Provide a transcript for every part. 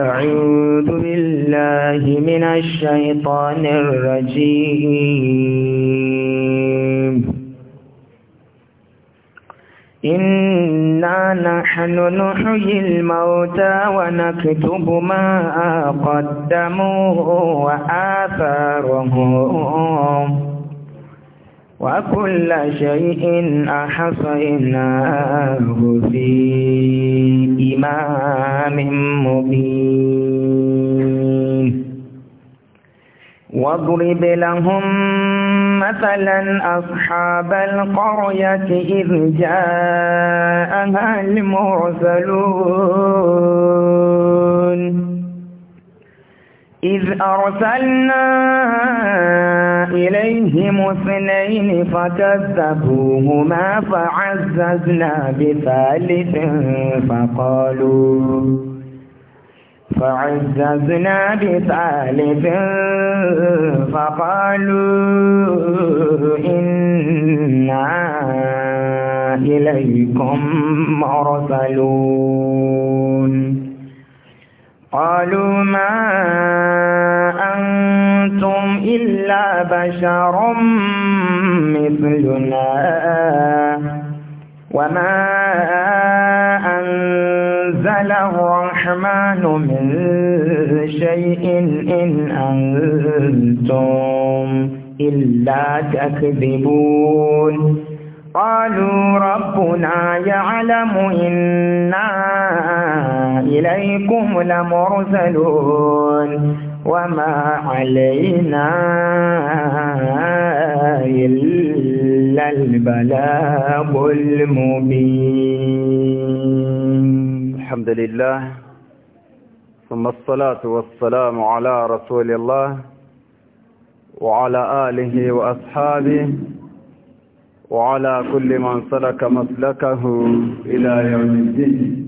أعوذ بالله من الشيطان الرجيم إنا نحن نحيي الموتى ونكتب ما قدموا وآثارهم وكل شيء أحصيناه في إمام مبين واضرب لهم مثلا أصحاب القرية إذ جاءها المرسلون إذ أرسلنا إليهم اثنين فكذبوهما فعززنا بثالث فقالوا فعززنا بثالث فقالوا إنا إليكم مرسلون قالوا ما أنتم إلا بشر مثلنا وما أنزل الرحمن من شيء إن أنتم إلا تكذبون قالوا ربنا يعلم إنا إليكم لمرسلون وما علينا إلا البلاغ المبين الحمد لله ثم الصلاة والسلام على رسول الله وعلى آله وأصحابه وعلى كل من سلك مسلكه إلى يوم الدين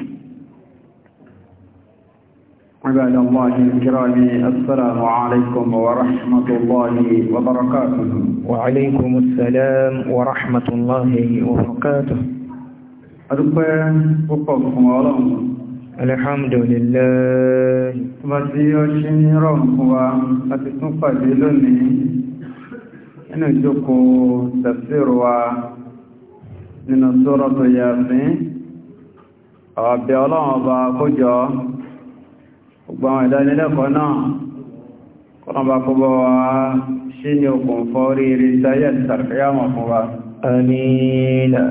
عباد الله الكرام السلام عليكم ورحمة الله وبركاته وعليكم السلام ورحمة الله وبركاته الحمد لله nínú ìjókòó tafsir wa nínú suratu Yasin ọ̀bẹ̀ ọlọ́run ọba kójọ gbogbo àwọn ìdánilẹ́kọ̀ọ́ náà kọ́nà bá kó bọ́ wa ṣí ní okùn fọ́rí rí sáyẹ̀ ìtàkìyàmọ̀ fún wa ẹ̀lẹ́lẹ́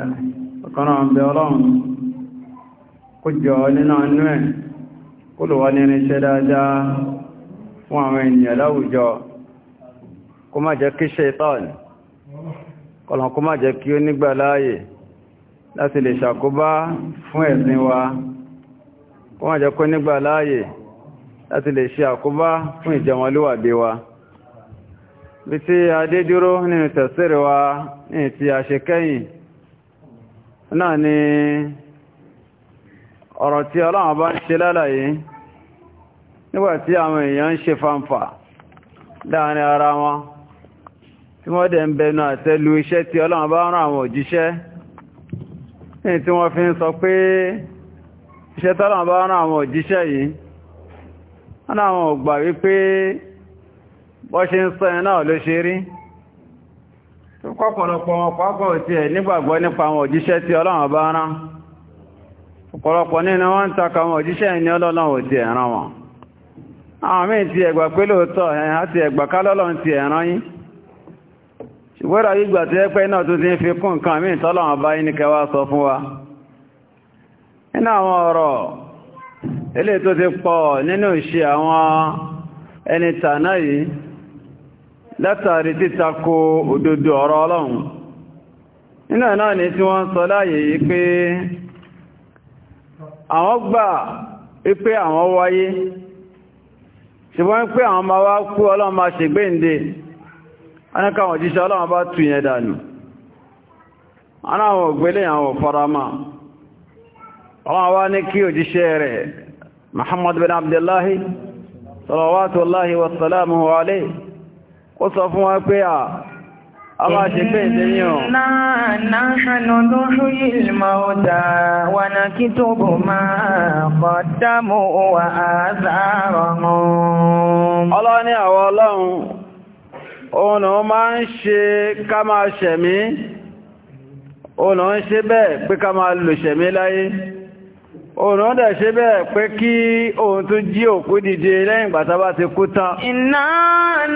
ọ̀kọ́nà ọ̀bẹ̀ ọlọ́run kójọ nínú anú ẹ̀ kó lò wá ní irinṣẹ́ dáadáa fún àwọn ènìyàn kó má jẹ́ kí ṣetán kọlọ̀n kó má jẹ́ kí ó nígbà láàyè láti lè ṣàkóbá fún ẹ̀sìn wa kó má jẹ́ kó nígbà láàyè láti lè ṣe àkóbá fún ìjẹmọlúwàbí wa bí tí a dé dúró nínú tẹ̀sírí wa ní ti àṣekẹ́yìn náà ni ọ̀rọ̀ tí ọlọ́run bá láàrin ara wọn tí wọ́n dẹ̀ ń bẹnu àtẹ́lu iṣẹ́ tí ọlọ́run bá rán àwọn òjíṣẹ́ ní tí wọ́n fi ń sọ pé iṣẹ́ tọ́lọ́run bá rán àwọn òjíṣẹ́ yìí wọ́n wípé bọ́ ṣe ń sọ ẹ̀ náà ló ṣe rí tó wọn pàápọ̀ òtí ẹ̀ nígbàgbọ́ nípa àwọn òjíṣẹ́ ìgbọ́dọ̀ gbígbà tó yẹ pé náà tó ti ń fi kún nǹkan mí tọ́lọ̀wọ̀n bá yí ní kẹwàá sọ fún wa nínú àwọn ọ̀rọ̀ ilé tó ti pọ̀ nínú ìṣe àwọn ẹni tàná yìí látàrí títako òdodo ọ̀rọ̀ ọlọ́run nínú náà ni sọ láàyè yìí pé àwọn gbà wípé àwọn wáyé ṣùgbọ́n pé àwọn máa wá kú ọlọ́run máa anákàwọn òjíṣẹ́ ọlọ́wọ́n bá tù yẹn dànù anáwọn ògbélé àwọn farama ọlọ́wọ́n wá ní kí òjíṣẹ́ rẹ̀ Muhammad bin Abdullahi salawatullahi wasalamu alayhi ó sọ fún wa pé à Àwọn àṣẹ́gbẹ́ ìdẹ́yìn ọ̀. Náà náà ṣànà ló ṣúyí ìlmọ̀ ọ̀dá wà náà kí tó bò máa kọ̀ dámò wà á sáàrọ̀ ọ̀rọ̀. Ọlọ́ ní àwọn ọlọ́run ọ̀nà máa ń ṣe ká máa ṣẹ̀mí ọ̀nà ń ṣe bẹ́ẹ̀ pé ká máa lò ṣẹ̀mí láyé ọ̀nà dẹ̀ ṣe bẹ́ẹ̀ pé kí òun tún jí òkú dìde lẹ́yìn ìgbà bá ti kú tán inna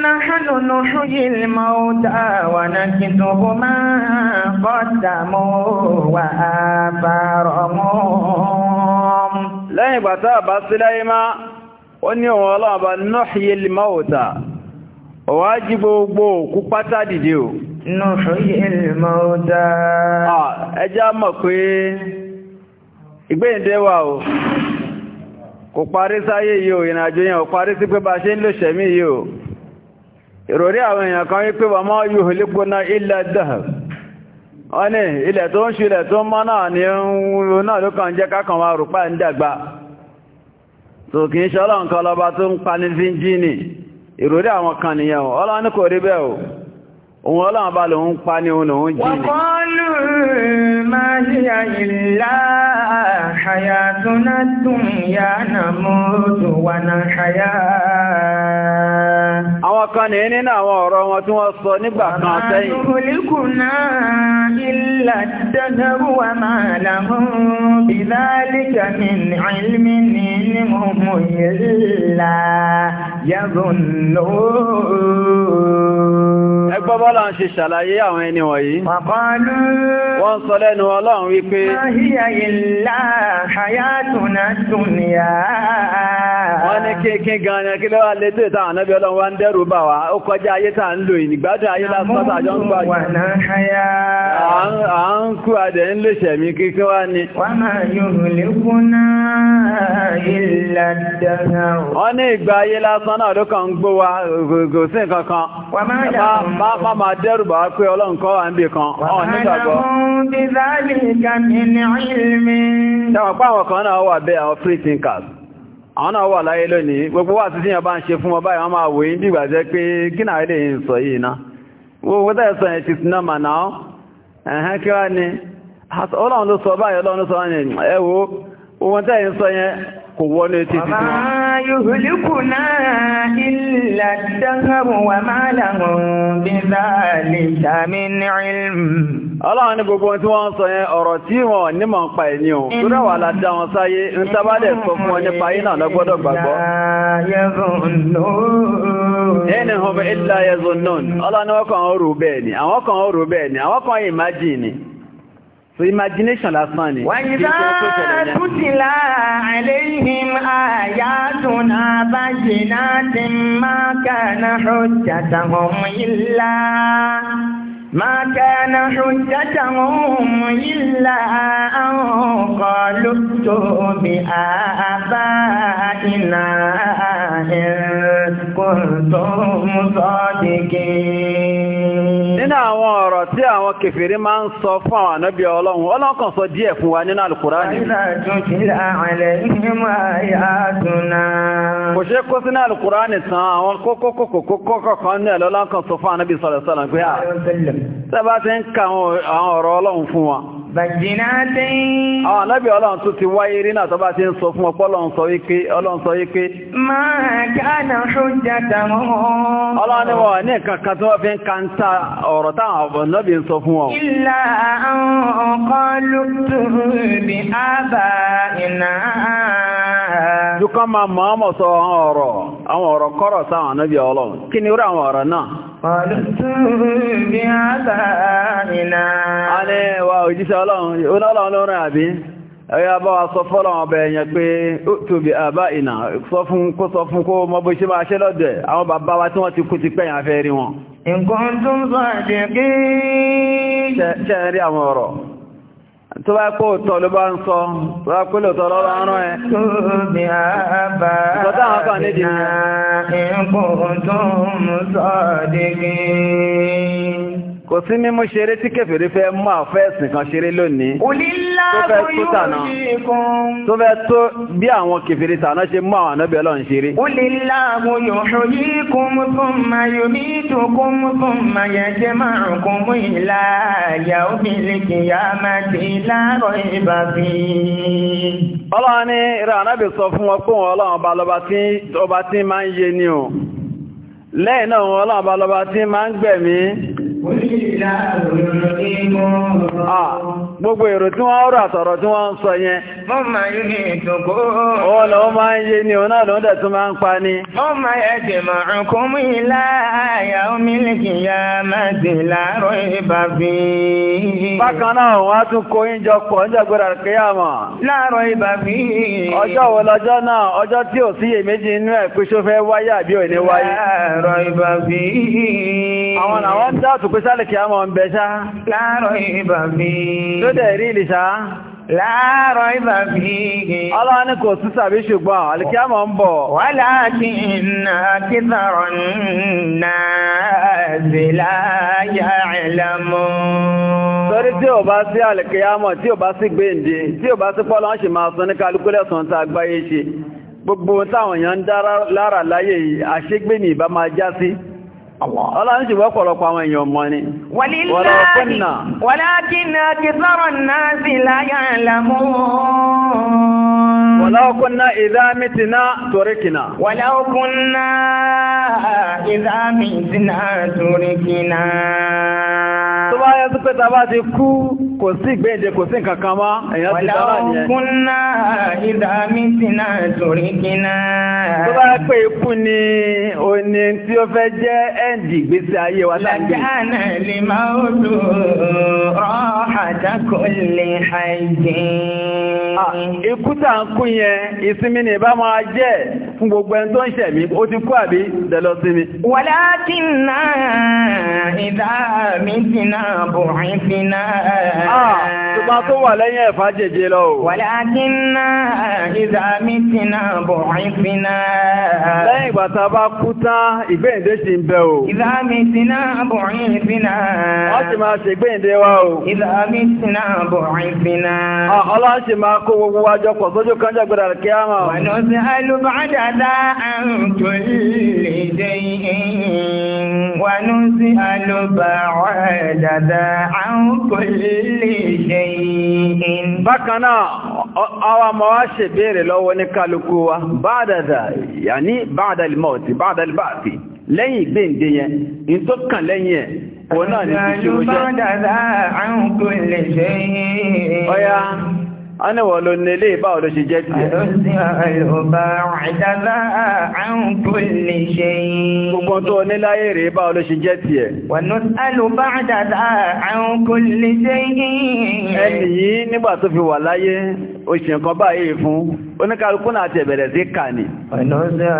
nahnu nuhyil mauta wa naktubu ma qaddamu wa atharahum mauta ọ̀wá jí gbogbo òkú pátá dìde ò ẹjá mọ̀ pé ìgbéyìndé wà ò kò parí sáyé yìí ò ìrìnàjò yẹn ò parí sí pé bá ṣe ń lò ṣẹ̀mí yìí ò ìròrí àwọn èèyàn kan wípé wà máa yóò lépóná ilẹ̀ dáhà wọ́n ní ilẹ̀ ni ìròrí àwọn kan nìyẹn o ọlọ́run ní kò rí bẹ́ẹ̀ o òun ọlọ́run bá lòun pa ní òun lòun jí ní wọ́kọ́lù máa ní àyílá àyàtúnà tún yà náà mọ́ àwọn kan ní nínú àwọn ọ̀rọ̀ wọn tí wọ́n sọ nígbà kan sẹ́yìn. Ẹgbọ́ bọ́lá ń ṣe ṣàlàyé àwọn ẹni wọ̀nyí. Wọ́n sọ lẹ́nu ọlọ́run wípé. Wọ́n ní kí kí gan-an kí ló lé tó ìtàn ànábí ọlọ́run wá ń dẹ́rù gbà wá ó kọjá ayé tà ń lò ìgbádùn ayé lásìkọ́ta àjọ ń gbà jù kú lè ṣẹ̀mí kíkẹ́ wá ní wọ́n ní ìgbà ayé lásán náà ló kàn ń gbó wa kankan ń kan àwọn náà wà lónìí gbogbo wà títí yàn ń ṣe fún ọba ìwọ́n máa wòye dìgbà jẹ́ pé kí náà ń sọ yìí náà gbogbo tẹ́ sọ yẹn ti sinọ́ mà náà ẹ̀hẹ́n kí wá ọlọ́run ló sọ kò wọlé títí tí wọ́n. Wàmá yòhùlùkù náà ilà dáhàrù wà máa làwọn bí láàlì tàmí ní ìlú. Ọlọ́run ní gbogbo tí wọ́n sọ yẹn ọ̀rọ̀ tí wọ́n nímọ̀ ń pa ẹni o. Túnrẹ̀ wà ládá wọn sáyé, ń tábádẹ̀ sọ fún ọ nípa yìí náà lọ́gbọ́dọ̀ gbàgbọ́. Ẹni hàn bẹ́ ilá yẹzùn náà. Ọlọ́run ní wọ́n kàn ń rò bẹ́ẹ̀ ni, àwọn kàn ń rò bẹ́ẹ̀ ni, àwọn kàn ń imagine ni so imagination lásán ni. wàyí bá kùtìlá àléhìn àyàtúnà bàjẹ́ náà ti máa kà náà ó ما كان حجتهم إلا أن قالوا ائتوا بآبائنا إن كنتم صادقين. nínú àwọn ọ̀rọ̀ tí àwọn kèfèrí máa ń sọ fún àwọn ànábì ọlọ́run ọlọ́run kan sọ díẹ̀ fún wa nínú Al-Kùránì. kò ṣe kó sínú Al-Kùránì tán àwọn kókókókókókó kan sọ fún ànábì sallallahu alaihi wasallam à sábà ti ń ka àwọn ọ̀rọ̀ ọlọ́run fún wa bàjìnàtẹ́yìn. àwọn anábì ọlọ́run tún ti wáyé rí náà tó bá ti ń sọ fún ọpọ́ ọlọ́run sọ wípé ọlọ́run sọ wípé. máa kánà ṣújà tàwọn. ọlọ́run ni wọ́n ní nǹkan kan tí wọ́n fi ń kanta ọ̀rọ̀ táwọn ọ̀bọ̀ lọ́bì ń sọ fún wọn. ìlà àwọn kan ló ọ̀rọ̀ àwọn ọ̀rọ̀ wa òjíṣẹ́ ọlọ́run ló rán àbí ẹ̀yà bá wa sọ fọ́lọ̀ ọba ẹ̀yẹn pé tóbi àbá ìnà sọ fún kó sọ fún kó mọ́ bó ṣe máa ṣẹ́ lọ́dẹ̀ àwọn bàbá wa tí wọ́n ti kú ti afẹ́ rí wọn kò sí mímú ṣeré tí kèfèrí fẹ́ mú àfẹ́ẹ̀sìn kan ṣeré lónìí tó fẹ́ tó bí àwọn kèfèrí tàná ṣe mú àwọn ànábẹ̀ ọlọ́run ṣeré ọlọ́run ní ìrìn ànábẹ̀ sọ fún wọn pé wọn ọlọ́run ọba tí máa ń yé ni o lẹ́yìn náà wọn ọlọ́run ọba lọ́ba tí máa ń gbẹ̀mí Ah, gbogbo èrò tí wọ́n rà sọ̀rọ̀ tí wọ́n ń sọ yẹn. Mọ́ ma yìí ní Ó lọ máa ń yé ní ọ̀nà tó máa ń pa ní. Mọ́ ma yẹ jẹ màrùn mú ilá àyà omi máa dè láàárọ̀ ìbà fi. Bákan náà wọ́n tún kó pọ̀ Láàárọ̀ pé sálẹ̀kì àmọ́ ń bẹ ṣá láàárọ̀ ìbà mi tó dẹ̀ rí ìlì ṣá láàárọ̀ ìbà mi Allah ní kò tún sàbí ṣùgbọ́n àlìkí àmọ́ ń bọ̀ wà láàkí iná kí sàrọ̀ náà sí láyà ìlàmú torí tí ò bá sí àlìkí àmọ́ tí ò bá sí gbéǹde tí ò bá sí pọ́lọ́ ṣe máa sọ ní kálukúlẹ̀sán tá àgbáyé ṣe gbogbo táwọn èèyàn ń dá lára láyé àṣégbé ní ìbá máa já sí Ọlọ́run ṣe wọ́pọ̀lọpọ̀ àwọn èèyàn mọ́ ni. Wàlákínà ti sọ́rọ̀ náà sí láyá ìlàmú. Wàlákínà ìdámítínà toríkìnà. Wàlákínà ìdámítínà toríkìnà. Tó bá yẹ tó pé tàbá ti kú, kò sí ìgbéǹde, kò sí nǹkan kan mọ́, ti dára ni ẹ. Wàlákínà ìdámítínà toríkìnà. Tó bá yẹ pé ikú ni òní tí ó fẹ́ jẹ́ ẹ́ndì ìgbésí ayé wa láàgbé. Làjánà lè máa ó lò rọ́hàdákò lè àìjì. Ikú tà ń kú yẹn, ìsinmi ni bá máa jẹ́ fún gbogbo ẹni tó ń ṣẹ̀mí, ó ti kú àbí dẹ̀lọ sí mi. Wàlákìnnà ìdá mi ti náà bùrìn ti ah, náà ṣùgbọ́n tó wà lẹ́yìn ẹ̀fà jẹjẹ lọ o. wàlẹ́ akínná ìdààmì tìǹà bọ̀ ìfìnà. lẹ́yìn ìgbà tá a bá kú tán ìgbéǹde sì ń bẹ o. ìdààmì tìǹà bọ̀ ìfìnà. wọ́n sì máa kí á mọ̀. wọ́n ti alùbádàdà àǹtò lè ونزع البعد bákan náà àwọn ọmọ wa ṣe béèrè lọ́wọ́ ní kálukú wa báadàdà yà ní báadàlmọ́ọ̀tì báadàlbáàtì lẹ́yìn ìgbéǹde yẹn in tó kàn lẹ́yìn ẹ̀ òun náà ní ṣíṣe a ní wọ́n ló nílé ìbáwọ̀ ló ṣe jẹ́ tí ẹ̀. gbogbo tó ní láyé rẹ̀ ìbáwọ̀ ló ṣe jẹ́ tí ẹ̀. ẹni yìí nígbà tó fi wà láyé oṣù nǹkan báyìí fún oníkàlùkù náà ti ẹ̀bẹ̀rẹ̀ sí kà ní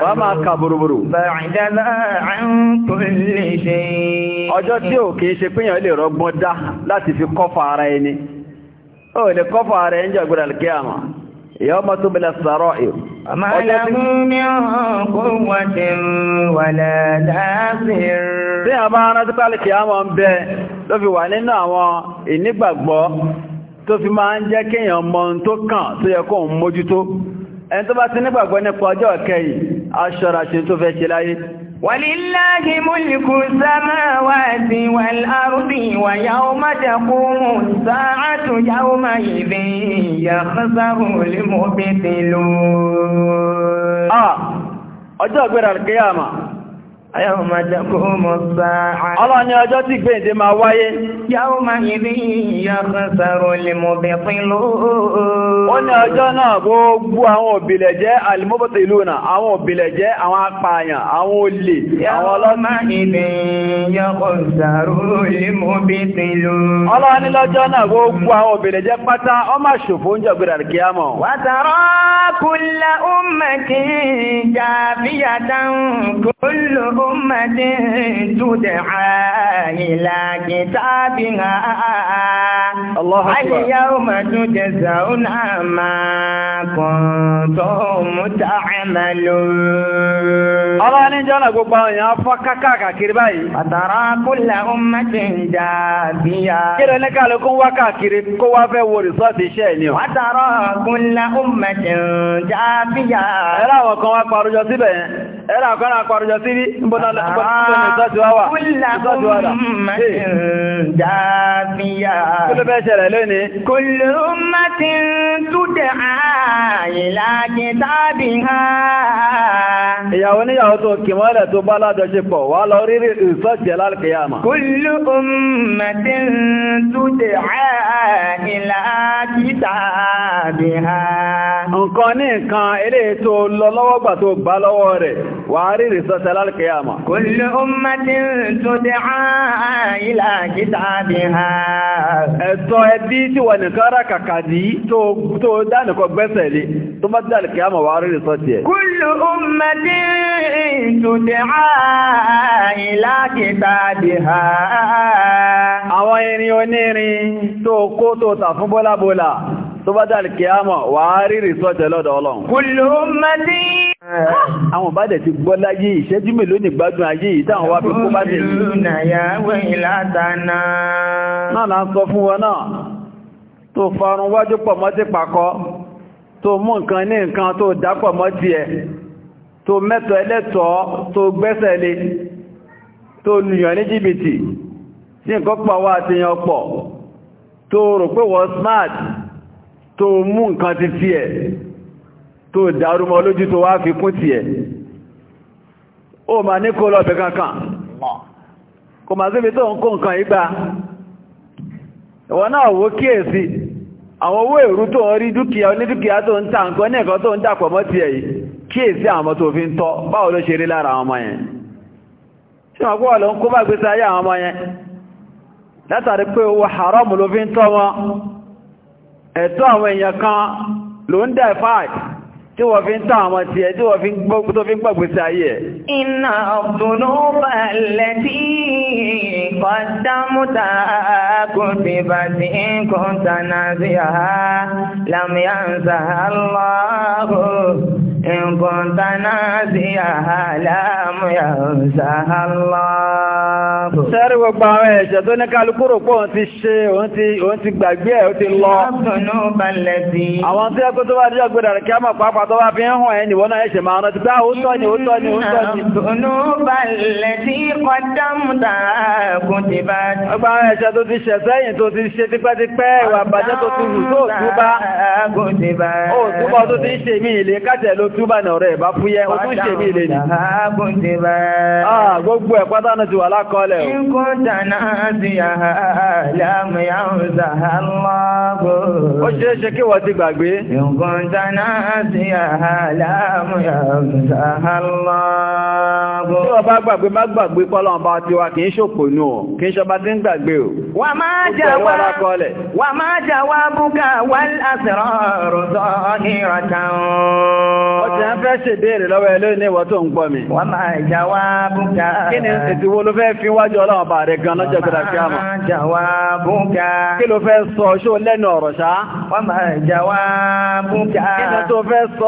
wà máa kà bòròbòrò ọjọ́ tí ò kìí ṣe pínyàn lè rọgbọ́n dá láti fi kọ́fà ara ẹni ó lè kọ́fà rẹ̀ ń jọ̀gbọ́dà lè kíyàmà ìyá ọmọ tó bẹ̀lẹ̀ sàárọ̀ ìrù. Tí a bá rántí pálì kíyàmà ń bẹ ló fi wà nínú àwọn ìnígbàgbọ́ tó fi máa ń jẹ́ kéèyàn mọ ohun tó kàn tó yẹ kó ń mójútó. Ẹni tó bá ti nígbàgbọ́ nípa ọjọ́ kẹyìn, aṣọ́ra ṣe tó fẹ́ ṣe láyé. ولله ملك السماوات والأرض ويوم تقوم الساعة يومئذ يخسر المبتلون آه أجاب القيامة Ayọ́ ma jẹ́ kó mọ̀ sáà. Ọlọ́run ní ọjọ́ tí gbèǹde máa wáyé. Yàwó máa yìí bí ìyá sàrò lè mọ̀ bẹ̀ pín lóòó. Ó ní ọjọ́ náà gbogbo àwọn òbílẹ̀ jẹ́ àlìmọ́bọ̀tẹ̀ ìlú náà, àwọn òbílẹ̀ jẹ́ àwọn apààyàn, àwọn olè, àwọn ọlọ́mọ. Ọlọ́run ní lọ́jọ́ náà gbogbo àwọn kí á mọ̀. Wàtàrọ́ kúlẹ̀ ó أمة تدعى إلى كتابها الله أكبر اليوم تجزون ما كنتم تعملون ọlọ́ ní jọ́nà gbogbo àwọn èèyàn fọ́ kákàkiri báyìí. àtàrà kúlẹ̀ ọmọ ti ń jà bíyà. kílẹ̀ ní kálukú wá káàkiri kó wá fẹ́ wo rìsọ́ọ̀tì iṣẹ́ ẹ̀ ni o. àtàrà kúlẹ̀ ọmọ ti ń jà bíyà. ẹ̀rọ àwọn kan wá parujọ síbẹ̀ yẹn ẹ̀rọ àwọn kan wá parujọ síbí bọ́nà ìsájú wà. Kúlù bẹ́ ṣẹlẹ̀ lónìí. Kúlù mọ́tí túdẹ̀ àìlá kìtàbí ha. Ìyàwó níyàwó tó kì mọ́lẹ̀ tó bá ládọ́ṣepọ̀ wà lọ rírí ìsọ́jì alálùkìyàmà. Kúlù mọ́tí túdẹ̀ àìlá kìtàbí ha. Nǹkan ní nǹkan eléyìí tó lọ lọ́wọ́gbà tó bá lọ́wọ́ rẹ̀ wà rírí ìsọ́jì alálùkìyàmà qiyama. Kullu ummatin tud'a ila kitabiha. Ẹ̀tọ́ ẹbí tí wọ́n nìkan rà kàkà ní tó dánìkan gbẹ́sẹ̀ lé tó bá dá alìkìyàmà wà rí sọ tiẹ̀. Kullu ummatin tud'a ila kitabiha. Àwọn irin onírin tó kó tó tà fún bọ́lábọ́lá tó bá dá alìkìyàmà wà rí sọ tẹ̀ lọ́dọ̀ Ọlọ́run. Kullu ummatin Eh, àwọn bá dẹ̀ ti gbọ́ láyé ìṣẹ́jú mélòó ní gbádùn ayé ìtàwọn wá fi kó bá dẹ̀ náà là ń fún náà tó farun wájú tó ti mẹ́tọ̀ gbẹ́sẹ̀ lùyàn ní jìbìtì tí nǹkan pọ̀ wá àti pọ̀ tó rò pé wọ́n smart tó mú nǹkan ti fi tó dárúmọ lójú tó wá fi kún ti ẹ̀ ó ma ní kó lọ́bẹ̀ kankan kò máa síbi tó ń kó nǹkan ìgbà ìwọ̀n náà wó sí? àwọn owó èrú tó ń rí dúkìá onídúkìá tó ń ta nǹkan ní ẹ̀kan tó ń dàpọ̀ mọ́ ti àwọn tó fi ń tọ́ ló ṣe rí lára àwọn ọmọ yẹn ṣe wọ́n kó wà ló ń kó haram tí wọ́n fi ń tán àwọn tí ẹ tí wọ́n fi ń gbọ́gbọ́ sí ayé ẹ̀. iná ọ̀dùnú balẹ̀ tí kọ́dámúta kò fi bá ti ń kọ́ntánà sí àá lámìyànsá lọ́rọ̀ إن كنت ناسيها لم ينسها الله Sẹ́rí gbogbo àwọn ẹ̀ṣẹ̀ tó ní kálukúrò pọ̀ ti ṣe, òun ti gbàgbé ẹ̀, ó ti lọ. Ọ̀tọ̀nù balẹ̀ sí. Àwọn tí ẹkùn tó bá díjọ́ gbé dàrí kíámà pàápàá tó bá fi ń hàn ẹni wọ́n náà ẹ̀ṣẹ̀ máa rántí pé ah, ó tọ́ ni, ó tọ́ ni, ó tọ́ ni. Ọ̀tọ̀nù balẹ̀ sí kọ́dámùtà kò ti bá. Gbogbo àwọn ẹ̀ṣẹ̀ tó ti ṣẹ̀ sẹ́yìn tó ti ṣe tipẹ́tipẹ́ ìwà àbàjẹ́ tó ti rù tó òtúbá. Kò ti bá. Ó òtúbá tó ti ń ṣe mí ìlé kájẹ̀ ló túbà ní ọ̀rẹ́ ìbá fúyẹ́ ó tún ṣe bí ilé ni. gbogbo ẹ̀ pátánà ti wà lákọọ́lẹ̀ o. ikú dáná sí àlàmìyà ọ̀sàlọ́gbò. ó ṣeé ṣe kí wọ́n ti gbàgbé. ikú dáná sí àlàmìyà ọ̀sàlọ́gbò. tí wọ́n bá gbàgbé má gbàgbé pọ́lọ́ ọba tiwa kì í ṣòpò nù o kì í ṣọba tí ń gbàgbé o. wà á máa jà wá wà á máa jà wá búkà wà á sọ̀rọ̀ rọ̀ sọ̀rọ̀ Ó ti ń fẹ́ ṣe béèrè lọ́wọ́ ẹ lónìí ìwọ tó ń gbọ́ mi. Wọ́n máa jà wá búkà. Kí ni ètò wo ló fẹ́ fi wájú ọlọ́run bá rẹ̀ gan lọ́jọ́ gbọ́dọ̀ kí a mọ̀? Kí ló fẹ́ sọ ṣó lẹ́nu ọ̀rọ̀ ṣá? Wọ́n máa jà búkà. Kí ni tó fẹ́ sọ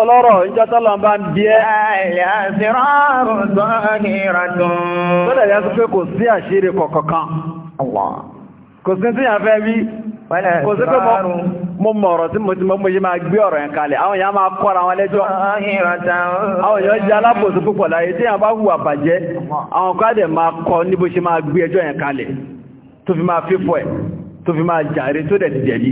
lọ́rọ̀ kò sí pé mo mọ̀ ọ̀rọ̀ tí mo ti mọ́ yí máa gbé ọ̀rọ̀ yẹn àwọn èèyàn máa kọ́ra wọn lẹ́jọ́ àwọn èèyàn jẹ́ alábòsí púpọ̀ láyé tí èèyàn bá hùwà bàjẹ́ àwọn kádẹ̀ máa kọ́ níbo ṣe máa gbé ẹjọ́ yẹn tó fi máa fífọ́ ẹ̀ tó fi máa jàre tó dẹ̀ ti jẹ̀lí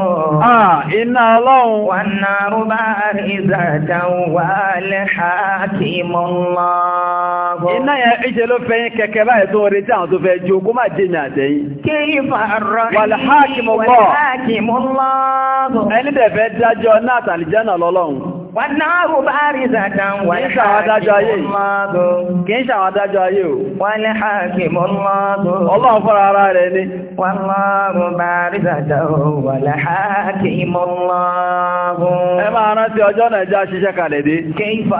Ah, iná ọlọ́run wọn náà rúbá ìzàdá wà lẹ́hàkìmọ́lá iná yẹn ìṣe ló fẹ́ yín kẹ̀kẹ́ báyìí tó rí tí àwọn tó fẹ́ jó kó má jẹ́ mi àtẹ́yìn kí ìfàrọ̀ ìwàlẹ́hàkìmọ́lá ẹni tẹ̀fẹ́ dájọ́ náà tàlìjẹ́ náà lọ́lọ́run Wàdánàrù bá rí zàdán wà ní ṣàwádájọ́ ayé yìí. Kì í ṣàwádájọ́ ayé o. Wọ́n lè ha kì mọ́ lọ́dọ̀. Ọlọ́run fọ́ra ara rẹ̀ ní. Wọ́n lọ́rùn bá rí zàdán wà lè ha kì mọ́ lọ́dọ̀. Ẹ máa rántí ọjọ́ náà já ṣiṣẹ́ kalẹ̀ dé. Kì mọ́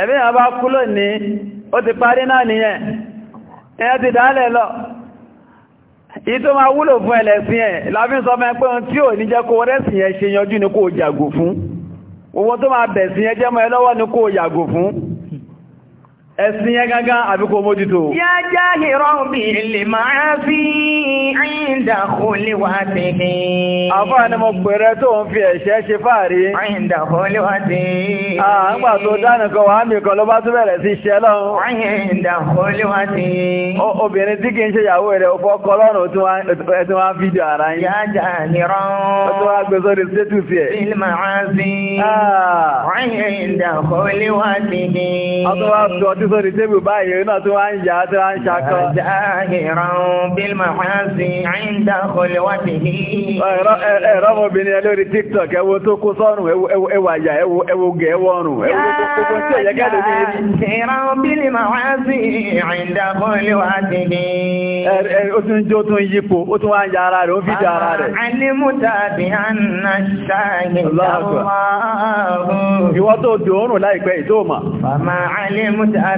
ẹ̀mí àbá kú lónìí ó ti parí náà nìyẹn ẹ̀yẹ́ ti dálẹ̀ lọ ìyí tó máa wúlò fún ẹlẹ́sìn ẹ̀ láfí sọ mẹ́ pé ohun tí ò ní jẹ́ kó rẹ́sìn ẹ̀ ṣe yanjú ni kó yàgò fún owó tó máa bẹ̀sìn ẹ jẹ́mọ́ ẹ fún ẹ̀sìn yẹn gángan àbí kò mójútó. yá já ìrọ̀rùn bí lè máa fi àyíǹda kò lè wá tẹ̀lé. àfáà ni mo pèrè tó ń fi ẹ̀ṣẹ̀ ṣe fàárí. àyíǹda kò lè wá tẹ̀lé. à ń gbà tó dánù kan wàá mi kan ló bá tún bẹ̀rẹ̀ sí iṣẹ́ lọ. àyíǹda kò lè wá tẹ̀lé. obìnrin tí kì í ṣe ìyàwó rẹ̀ fọ́ kọ́lọ́nù tí wọ́n fídíò ara yín. yá já ìrọ̀rùn sórí tébù báyìí náà tó wá ń yà tó wá ń ṣakọ́. Ẹ̀rọ ọmọbìnrin ẹ lórí TikTok ẹwo tó kó sọ́rùn láìpẹ́ ìtó mà. Fàmà alẹ́mú tàbí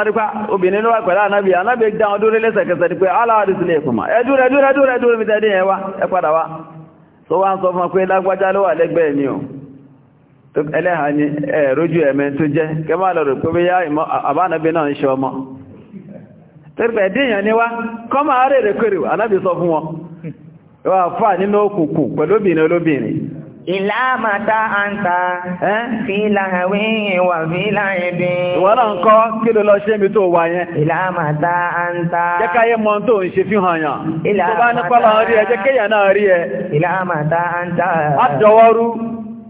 ọdípa obìnrin ló wà pẹ̀lú ànábì ànábì dá ọdún rí lẹ́sẹ̀kẹsẹ̀ dípé aláàrísílẹ̀ ìkùnmà ẹdúrú ẹdúrú ẹdúrú ẹdúrú mi tẹ́dí ẹwà ẹpadà wá tó wá ń sọ fún pé lágbájá ló wà lẹ́gbẹ̀ẹ́ ni o ni pé Ìlàmàta àǹtà fílàwé wà fílàìbí. Ìwọ́n náà ń kọ́ kí ló lọ ṣe mi tó wà yẹn. Ìlàmàta àǹtà. Jẹ́ káyé mọ́ tó ń ṣe fi hàn yàn. Ìlàmàta àǹtà. Tó bá nípa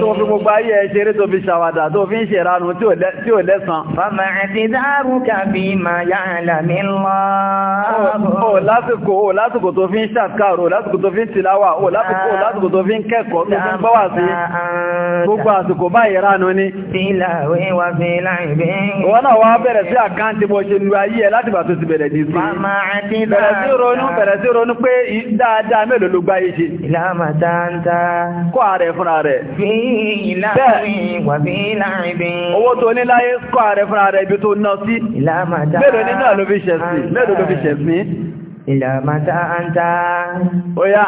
tó fi gbogbo ayé ẹṣeré tó fi ṣàwàdà tó fi ń ṣe ìranù tí ò lẹ́sàn. Bàbá àti dáàrù kàbí máa yá àlàmí lọ. Ó lásìkò ó lásìkò tó fi ń ṣàkàrò lásìkò tó fi ń tìláwà ó lásìkò tó fi ń kẹ́kọ̀ọ́ tó fi ń gbọ́wà sí. Gbogbo àsìkò báyìí ránu ni. Fìlàwé wa fìlà ìbí. Wọ́n náà wá bẹ̀rẹ̀ sí àkáǹtì bó ṣe lu ayé ẹ láti bàtó ti bẹ̀rẹ̀ dì sí. Màmá àti dáadáa. Bẹ̀rẹ̀ sí ronú bẹ̀rẹ̀ sí ronú pé dáadáa mélòó ló gbáyé ṣe. Ìlàmà dáadáa. Kọ́ ààrẹ fúnra rẹ̀. Fi ìlàwí wàbí láàrin owó tó ní láyé kọ́ ààrẹ ibi tó ná sí mélòó nínú ló fi ṣẹ̀sí mélòó ló fi ṣẹ̀sí ìlàmàtà àǹtà ó yá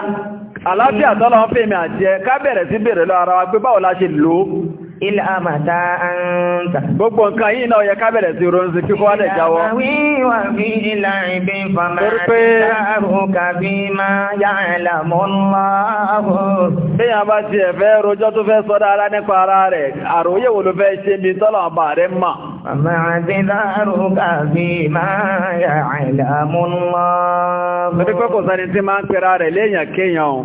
àlàáfíà tọ́lọ́ fèmí àjẹ́ ká bẹ̀rẹ̀ sí bèèrè lọ ara wa pé báwo ṣe lòó ilẹ̀ àmàtà àǹtà. Gbogbo nǹkan yìí náà yẹ ká bẹ̀rẹ̀ sí ronú sí kí kó wá lẹ̀ jáwọ́. Ìyàwó fi ilà ìbí fama àti sáàrù kàbí máa yá ẹ̀là mọ́ ńláàbò. Béèyàn bá ti ẹ̀fẹ́ rojọ́ tó tí máa ń pera rẹ̀ léèyàn kéèyàn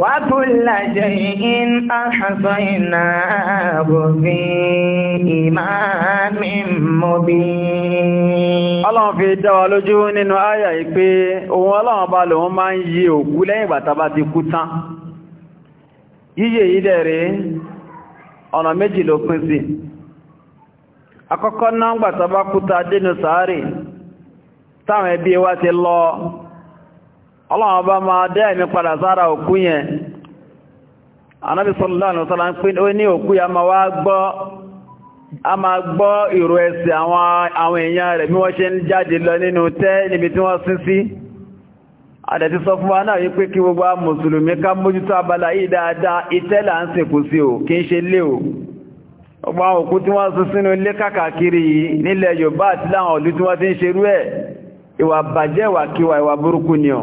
وكل شيء أحصيناه في إمام مبين ọlọ́run fi dá wa lójú nínú àyà yìí pé ohun ọlọ́run bá lòun máa ń yí òkú lẹ́yìn ìgbàtà ti kú tán yíyẹ yìí dẹ̀rẹ̀ ọ̀nà méjì ló pín sí àkọ́kọ́ náà gbàtà bá dénú sàárè táwọn ẹbí ti lọ ọlọ́run bá máa dá ẹ̀mí padà sára òkú yẹn anábì sallallahu alaihi wasallam ń pín ó ní òkú yà máa wá gbọ́ a máa gbọ́ ìrò ẹsẹ̀ àwọn èèyàn rẹ̀ bí wọ́n ṣe ń jáde lọ nínú tẹ́ níbi tí wọ́n sin sí àdẹ̀tí sọ fún wa náà wípé kí gbogbo mùsùlùmí ká mójútó abala yìí dáadáa ìtẹ́ là ń sìnkú sí o kì í ṣe lé o ọgbà àwọn òkú tí wọ́n sin sínú ilé kàkàkiri yìí nílẹ̀ Yorùbá àti láwọn ìlú tí wọ́n ti ń ṣerú ẹ̀ ìwà bàjẹ́ ìwàkiwà ìwà burúkú ni o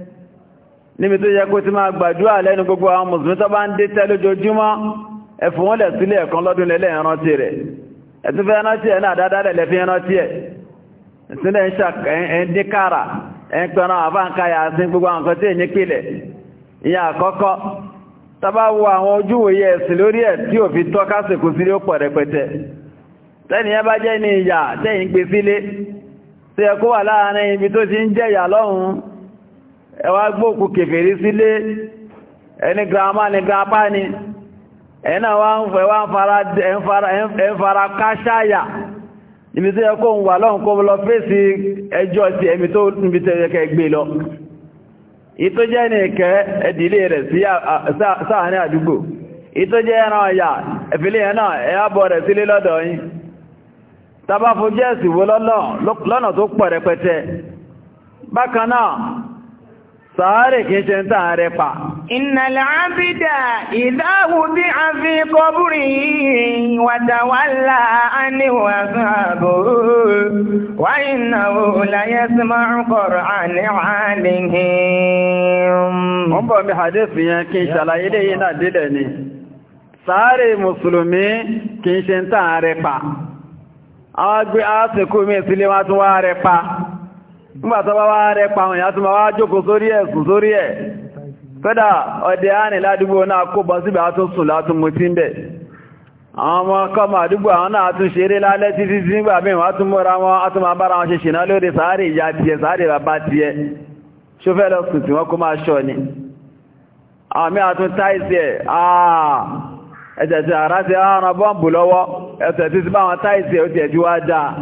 níbi tó yẹ kó ti máa gbàdúrà lẹ́nu gbogbo àwọn mùsùlùmí tó bá ń dé tẹ́ lójoojúmọ́ ẹ̀fún wọ́n lẹ̀ sílẹ̀ ẹ̀kan lọ́dún lẹ́lẹ́ ìrántí rẹ̀ ẹ̀tún fẹ́ rántí ẹ̀ náà dáadáa lẹ̀ fi rántí ẹ̀ sílẹ̀ ẹ̀ndínkàrà ẹ̀ńpẹ̀rán àbáǹkáyà sí gbogbo àwọn kan tí èyí pìlẹ̀ ìyá àkọ́kọ́ tàbá wo àwọn jẹ́ ní ìyà tẹ́yìn gbé sílé tí ẹ wà láàárín ibi tó ti ń jẹ́ ìyà lọ́hùn ẹwà gbóòkú kèfèrí sílé ẹni grama ni grapa ni ẹ̀nà wá ń fẹ́ wá ń fara káṣáyà níbi tí ẹkọ́ ń wà lọ́n lọ fèsì ẹjọ́ ti ẹmi tó níbi tẹ́ẹ̀kẹ́ gbé lọ ìtójẹ́ ní ìkẹ́ ẹ̀dìlé rẹ̀ sí sáàrin àdúgbò ìtójẹ́ ẹran ọ̀yà ẹ̀fìlẹ̀ ẹ̀nà ẹ̀yàbọ̀ rẹ̀ sílé lọ́dọ̀ yìí tàbá fojú ẹ̀sì wo lọ́nà tó pọ̀ rẹpẹtẹ bákan náà Sàárè kí ṣe ń tàn rẹ pa. Inna al-abida idha wudi'a fi qabrihi wa tawalla anhu ashabuhu wa innahu la yasma'u qur'ana 'alihim. Wọ́n bọ̀ mi hadith yẹn kí mi nígbàtọ́bá wá rẹ pàwọn ìyá tó ma wá jókòó sórí ẹ̀ sùn sórí ẹ̀ kódà ọdẹ àárín ládúgbò náà kó bọ́ síbẹ̀ àtún sùn látún mú tí ń bẹ̀ àwọn ọmọ kọmọ àdúgbò àwọn náà tún ṣeré lálẹ́ títí tí nígbà mí wọ́n tún mọ́ra wọn a tún máa bára wọn ṣe ṣìná lórí sàárè ìyá tiẹ̀ sàárè bàbá tiẹ̀ ṣófẹ́ lọ tí wọ́n kó máa ṣọ ni àmì àtún táìsì ẹ̀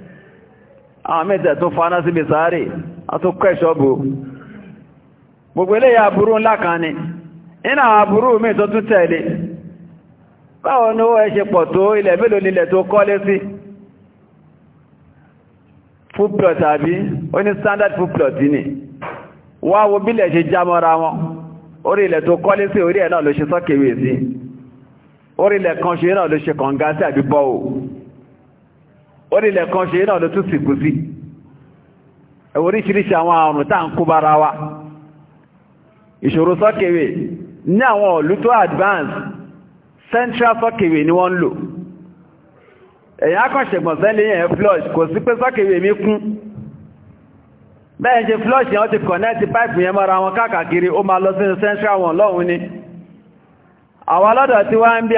àwọn mẹ́tẹ̀ tó faná síbi sáré àtúkọ́ ẹ̀ṣọ́bù gbogbo ilé ya burú ńlá kan ni iná àwọn burú mi tó tún tẹ̀lé báwo ní ó ẹṣe pọ̀ tó ilẹ̀ mélòó nílẹ̀ tó kọ́lé sí food plot ó ní standard food plot ní wá wo bílẹ̀ ṣe jámọ́ra wọn orí ilẹ̀ tó kọ́lé sí orí ẹ̀ náà ló ṣe sọ́kèwé sí orí ilẹ̀ kan ṣe náà ló ṣe kọ̀ǹgá sí àbíbọ́ orílẹ̀ kan ṣe náà ló tún sìnkú sí oríṣiríṣi àwọn àrùn tá ń kó bára wa ìṣòro sọ́kèwé ní àwọn ìlú tó advance central sọ́kèwé ni wọ́n ń lò èyàn kan ṣẹ̀gbọ̀n sẹ́lẹ̀ yẹn flush kò sí pé sọ́kèwé mi kún bẹ́ẹ̀ ṣe flush yẹn ó ti pipe yẹn mọ́ra wọn káàkiri ó central wọn lọ́hun ni àwọn alọ́dọ̀ tí wá ń bí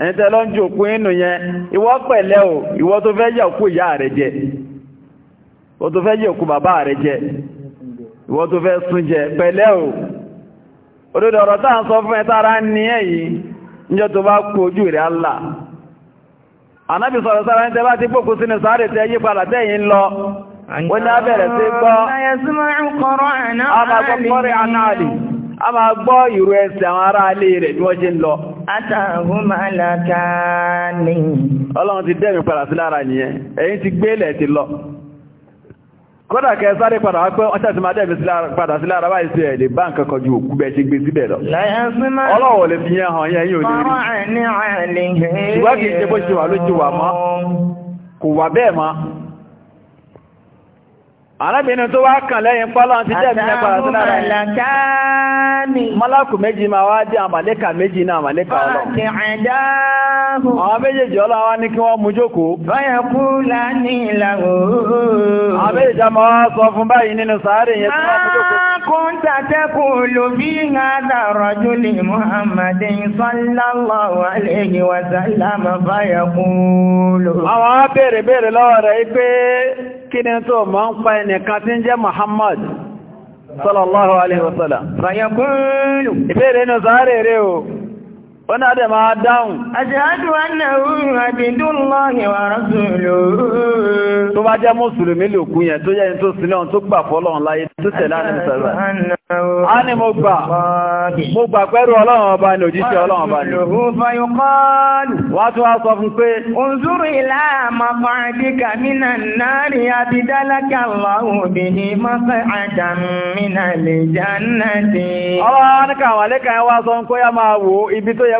ẹni tẹ́ lọ ń jù òkú inú yẹn ìwọ pẹ̀lẹ́ o ìwọ tó fẹ́ yẹ òkú ìyá rẹ jẹ ìwọ tó fẹ́ yẹ òkú bàbá rẹ jẹ ìwọ tó fẹ́ sún jẹ pẹ̀lẹ́ o òdodo ọ̀rọ̀ tá à ń sọ fún ẹ tára ń ní ẹ̀yìn níjọ́ tó bá kú ojú rẹ̀ Allah ànábì sọ̀rọ̀ sára ń tẹ́ bá ti gbókú sínú sáré lọ ó ní a máa gbọ́ ìrù ẹsẹ̀ àwọn ará alé rẹ̀ bí wọ́n ń lọ àtàhùnmá làkà ní. ọlọ́run ti dẹ́mi padà sí lára nìyẹn ẹ̀yìn ti gbé ti lọ kódà kẹ sáré padà wápẹ́ ọjọ́ ti máa dẹ́mi padà sí lára báyìí sí ẹ̀lẹ̀ bá kọjú òkú bẹ́ẹ̀ gbé síbẹ̀ lọ arábìnrin tó wá kàn lẹ́yìn pọ́lọ́n ti jẹ́ ìmìnà pàdà sí lára ẹ̀ mọ́láàkù méjì máa wá dí àmàlẹ́kà méjì náà àmàlẹ́kà ọlọ́run àwọn méjèèjì ọlọ́run wá ní kí wọ́n mú jókòó àwọn méjèèjì kí ni tó ma ń pa ẹnìkan tí ń jẹ́ Muhammad sallallahu alaihi wasallam. Fàyàkúrò. Ìbéèrè inú sáré rẹ̀ o. Wọ́n náà dẹ̀ máa dáhùn. Ashhadu annahu abdullahi wa rasuluhu. Tó bá jẹ́ Mùsùlùmí lòkú yẹn tó yẹ́ tó sílẹ̀ tó gbà fọ́lọ́run láyé tó tẹ̀lé ánìmì sọ̀rọ̀. A ní mo gbà, mo gbà pẹ̀lú ọlọ́run ọba ni òjíṣẹ́ ọlọ́run ọba ni. Wọ́n tún wá sọ fún pé. Unzur ila maq'adika minan nari abdalaka Allahu bihi maq'adan minal jannati. Ọlọ́run ní kàwọn alẹ́kàn wá sọ ń kó yá máa wò ibi tó yẹ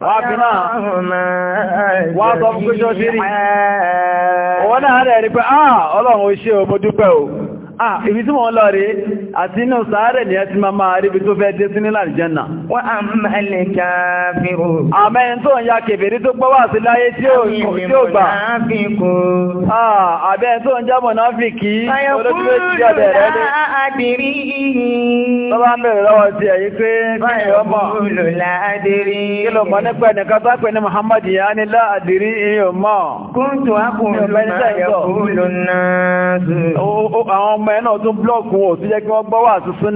Wáàbí náà, sọ fún kójọ́ sí rí. Òwọ́n náà rẹ̀ rí pé, "Ah, Ọlọ́run ó ṣe o, dúpẹ́ o." Ah, ibi tí wọ́n lọ rí, àti inú sàárẹ̀ ni ẹ ti máa máa rí bí tó fẹ́ dé sí nílà ìjẹ́nà. Wọ́n á máa lè bá ń bèèrè lọ́wọ́ ti ẹ̀yí pé báyìí ọmọ olùláàdìrí kí ló mọ̀ nípa tó Muhammad yà á ní láàdìrí iyọ̀ mọ̀ kóńtù ákùnrin àwọn ọmọ ẹ̀ náà tún blọ́ọ̀kù ò tún jẹ́ kí wọ́n gbọ́ wà tuntun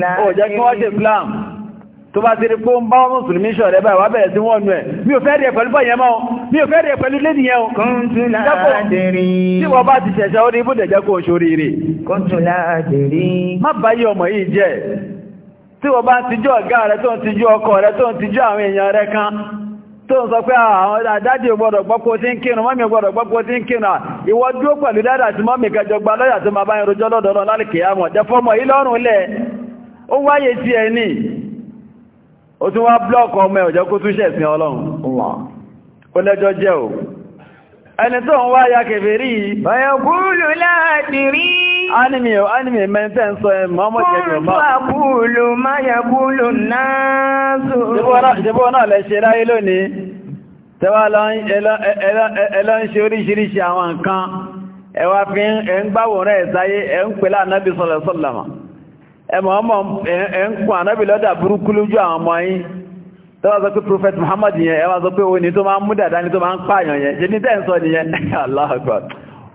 náà ò jẹ́ kí wọ́n ṣe plan tó bá ti rí pé ń bá wọn mùsùlùmí ṣọ̀rẹ́ báyìí wá bẹ̀rẹ̀ wọ́n nu ẹ̀ mi ò fẹ́ rí ẹ̀ pẹ̀lú bọ́yẹn mọ́ mi ò fẹ́rẹ̀ pẹ̀lú lé nìyẹn o. kọ́ńtùlá àdèrí. tí wọ́n bá ti ṣẹ̀ṣẹ̀ orí ibùdó jẹ́ kó o ṣoríire. kọ́ńtùlá àdèrí. má yí ọmọ yìí jẹ́ tí wọ́n bá ń tijú ọ̀gá rẹ tó ń tijú ọkọ rẹ tó ń tijú àwọn èèyàn rẹ kan tó ń sọ pé àwọn àdájì gbọ́dọ̀ gbọ́pọ̀ tí ń kírun mọ́mí gbọ́dọ̀ gbọ́pọ̀ tí ń kírun mọ́mí kẹjọ gba lọ́yà tó máa bá ọlẹ́jọ́ jẹ́ o ẹni tó ń wá ya kẹfẹ́ rí ọ̀yọ̀kúlù láti rí anime anime mẹ́ntẹ́ ń sọ ẹmọ ọmọ jẹ́jọ ẹwà fi ń gbáwòrán ẹ̀sáyé ẹ ń pèlá anábì sọ́lọ̀sọ́lọ̀mà ọmọ ẹ anábì lọ́dà burúkú lójú àwọn ọmọ yìí tọ́wọ́ sọ pé prophet muhammad yẹn ẹwà sọ pé òun ni tó máa ń mú dàdá ní tó máa ń pààyàn yẹn jẹ́ ní tẹ́ ń sọ nìyẹn allah akbar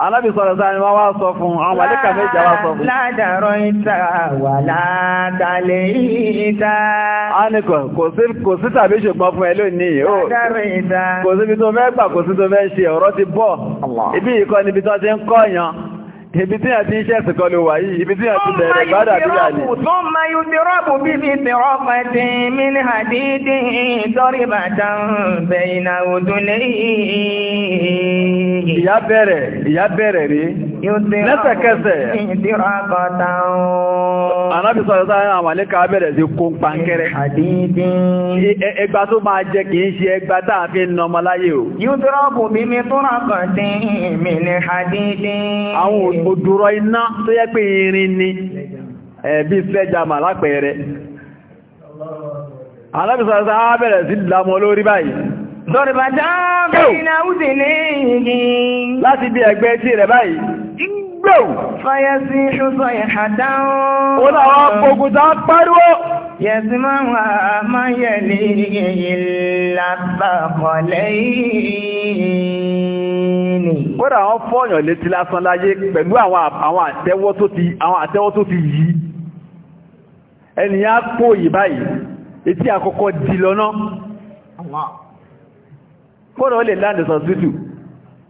Anábì sọ̀rọ̀ sáà ni wọ́n wá sọ fún àwọn màlíkà méjì wá sọ fún. Ládàrọ̀ ìta wà látàlẹ̀ ìta. A ní kọ̀, kò sí tàbí ṣùgbọ́n fún ẹ lónìí. Ládàrọ̀ Kò sí bí tó mẹ́gbà, kò sí tó mẹ́ ṣe ọ̀rọ̀ ti bọ̀ ibi tí a ti ń ṣe ẹ̀sìnkọ́ ló wà yìí ibi tí a ti bẹ̀rẹ̀ gbádà bí a ní. tó ma yóò ti rọ́pù bí bí ti rọ́pù ti mí ní àdídí torí bàtà bẹ̀ ìnà òdún lẹ́yìn. ìyá bẹ̀rẹ̀ ìyá bẹ̀rẹ̀ rí lẹ́sẹ̀kẹsẹ̀. anábì sọ̀rọ̀ sáà àwọn àlékà bẹ̀rẹ̀ sí kó ń pankẹ́rẹ́. ẹgbà tó máa jẹ kì í ṣe ẹgbà tá a fi ń nọmọ láyé o. yóò ti rọ́pù bí mi tó rọ́pù ti mí ní àdídí. àwọn òbí òdúrọ iná tó yẹ pé irin ni ẹ̀bí sledgehammer lápẹẹrẹ alábìsọ̀rọ̀sọ̀ bẹ̀rẹ̀ sí lámọ́ lórí báyìí sọ́rìbàdá gbẹ̀wò. Fọ́yẹ́sí ṣúfọ́ ìhàdáwọ́. Ó láwọn gbogbo pariwo. Yẹ̀sí máa wà máa yẹ̀ lè yẹ̀yẹ̀ lápapọ̀ lẹ́yìn. Kódà wọ́n fọ́yàn létí lásán láyé pẹ̀lú àwọn àtẹ́wọ́ tó ti yí. Ẹnìyàn pò yìí báyìí, etí àkọ́kọ́ di lọ́nà. Kódà lè láǹdẹ̀sọ̀ tútù.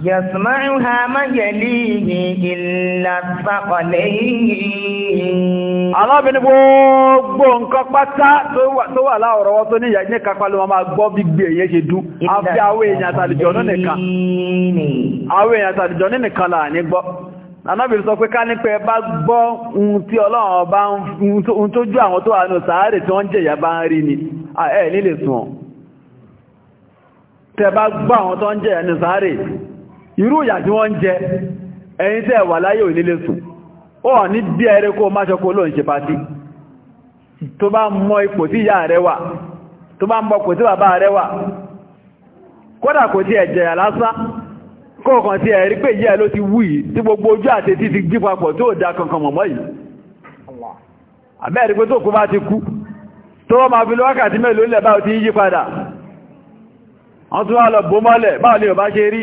يسمعها ما يليه إلا الثقلين alábìnrin gbogbo nǹkan pátá tó wà láwọ̀rọ̀wọ́ tó níyà ní kápá ló máa gbọ́ gbígbé èyẹ ṣe dún àfi àwọn èèyàn àtàlìjọ nínìkan àwọn èèyàn àtàlìjọ nínìkan là ní gbọ́ sọ pé ká ní pé bá gbọ́ ohun tí ọlọ́run irú ìyà tí wọ́n ń jẹ ẹ̀yin tẹ́ wà láyé onílé sùn ó ní bí ẹrẹ kó máṣọ́kó ló ń ṣe pàtí tó bá mọ ipò tí ìyá rẹ wà tó bá mọ ipò tí bàbá rẹ wà kódà kò tí ẹ̀jẹ̀ lásán kọ́ọ̀kan tí ẹ̀rí pé ìyá ló ti wú yìí tí gbogbo wọ́n tún wá lọ bó mọ́lẹ̀ báwo lè bá ṣe rí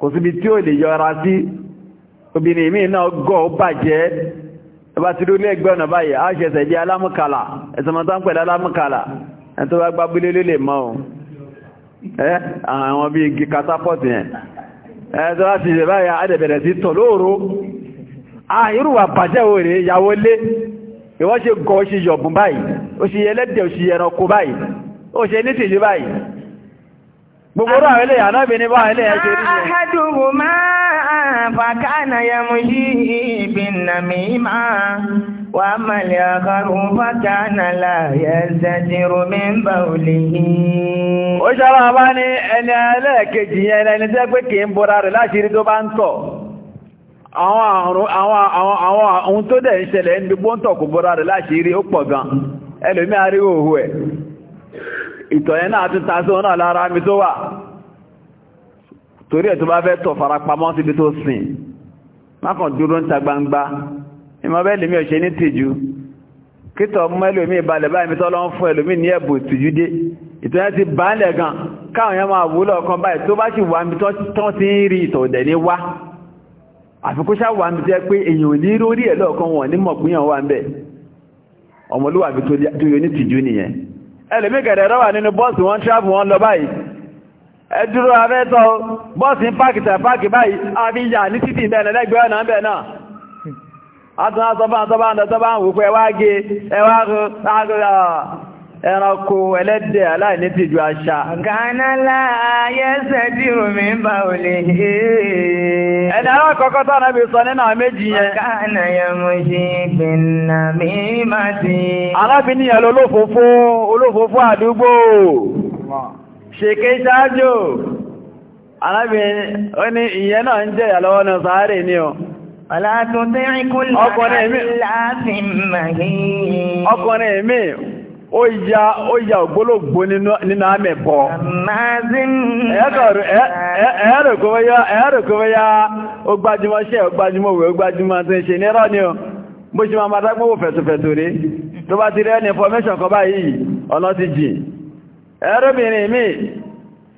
kò síbi tí ó lè yọra sí obìnrin mi náà gọ́ ó bàjẹ́ ẹbá ti rú lẹ́gbẹ́ ọ̀nà báyìí a ṣẹ̀ṣẹ̀ jẹ́ alámùkàlà ẹ̀sọ̀mọ̀tán pẹ̀lú alámùkàlà ẹn tó bá gbábúlé ló lè mọ́ ẹ́ àwọn bí igi katapọ́tì yẹn ẹ̀ tó bá ti ṣe báyìí adẹ̀bẹ̀rẹ̀ sí tọ̀ lóòrò àìrùwà bàjẹ́ òrè ìyàwó lé ìwọ́n ṣe gọ́ ó ṣe yọ̀bùn báyìí ó ṣe ẹlẹ́dẹ̀ ó ṣe ẹranko báyìí ó ṣe nítìjú báyìí gbogbo ọ̀rọ̀ àwọn eléyà náà bí ní bá eléyà ṣe rí yẹn. ahadùhù máa fàkánà yamushi ìbìnàmì máa wà màlẹ̀ àkàrù fàkánà láyé zẹ́jìrò mẹ́mbà òlì yìí. ó ṣára bá ní ẹni ẹlẹ́ẹ̀kejì yẹn ẹni tẹ́ pé kì í bọ́ra rẹ̀ láti rí tó bá ń tọ̀ àwọn àrùn àwọn ohun tó dẹ̀ ìtọ̀yẹ náà tún ta sí wọn náà lára mi tó wà torí ẹ̀ tó bá fẹ́ tọ̀ farapamọ́ síbi tó sìn mákàn dúró ń ta gbangba ìmọ̀ bẹ́ẹ̀ lèmi ọ̀ṣẹ́ ní tìjú kítọ̀ mọ́ ẹlòmí ìbalẹ̀ báyìí mi tọ́lọ́ ń fún ẹlòmí ní ẹ̀bù tìjú dé ìtọ́yẹ ti báńlẹ̀ gan káwọn yẹn tó bá ní tìjú nìyẹn ẹlòmí gẹ̀rẹ̀ rọ́wà nínú bọ́ọ̀sì wọ́n travel wọn lọ báyìí ẹ dúró afẹ́ pak bọ́ọ̀sì páàkì tẹ̀ páàkì báyìí àfíyà ní títì ìbẹ̀rẹ̀ náà àtúnwá sọ́bá ẹranko ẹlẹ́dẹ̀ aláìnítìjú àṣà. Gánálà yẹ́sẹ̀ bí omi bá ò lè ṣe. Ẹni àwọn kọ́kọ́ tánà bí sọ nínú àwọn méjì yẹn. Gánà yẹ mo ṣe gbìnà mi máa ti. Arábìnrin yẹn lolófófó olófófó àdúgbò. Ṣèké ṣáájò. Arábìnrin ó ní ìyẹn náà ń jẹ́ ìyàlọ́wọ́ náà sáré ni o. Ọlá tó tẹ́rín kó láàfin màhí. Ọkùnrin mi, ó ya ó ya ògbólógbó nínú àmì bọ̀. ẹ̀ẹ́rọ kó bóyá ẹ̀ẹ́rọ ó gbajúmọ̀ ṣe ó gbajúmọ̀ òwe ó gbajúmọ̀ tó ń ṣe ní rọ́ ni ó bó ṣe máa máa rí tó kan báyìí ọ̀nà ti mi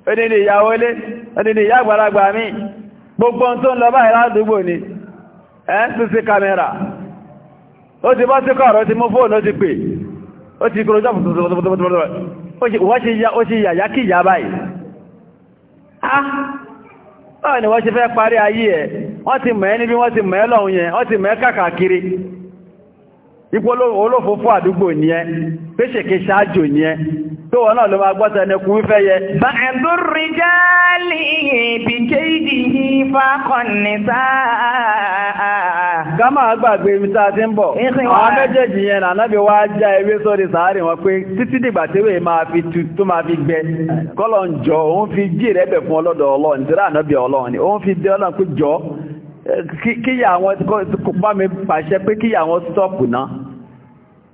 ó ní ní ìyàwó mi gbogbo tó ń ni ẹ̀ ń ó ti bọ́ sí ó ti kúrò jáfù tó ṣe yàyà kí ya báyìí báwọn ni wọ́n ṣe fẹ́ parí ayé ẹ̀ wọ́n ti mẹ́ níbi wọ́n ti mẹ́ lọ́hun yẹn wọ́n ti mẹ́ kàkàkiri ipò وليه بكيده فاق النساء ká máa gbàgbé ibi tá a ti ń bọ̀. àwọn méjèèjì yẹn nà náà bí wá já ewé sórí sàárì wọn pé títí dìgbà tẹ́wé máa fi tu tó máa fi gbẹ kọ́lọ̀ ń jọ òun fi jí rẹ̀ fún ọlọ́dọ̀ ọlọ́run tí ráà náà bí ni òun fi dé ọlọ́run kíyà àwọn kọ́ bá mi pàṣẹ pé kíyà àwọn stọ́ọ̀pù náà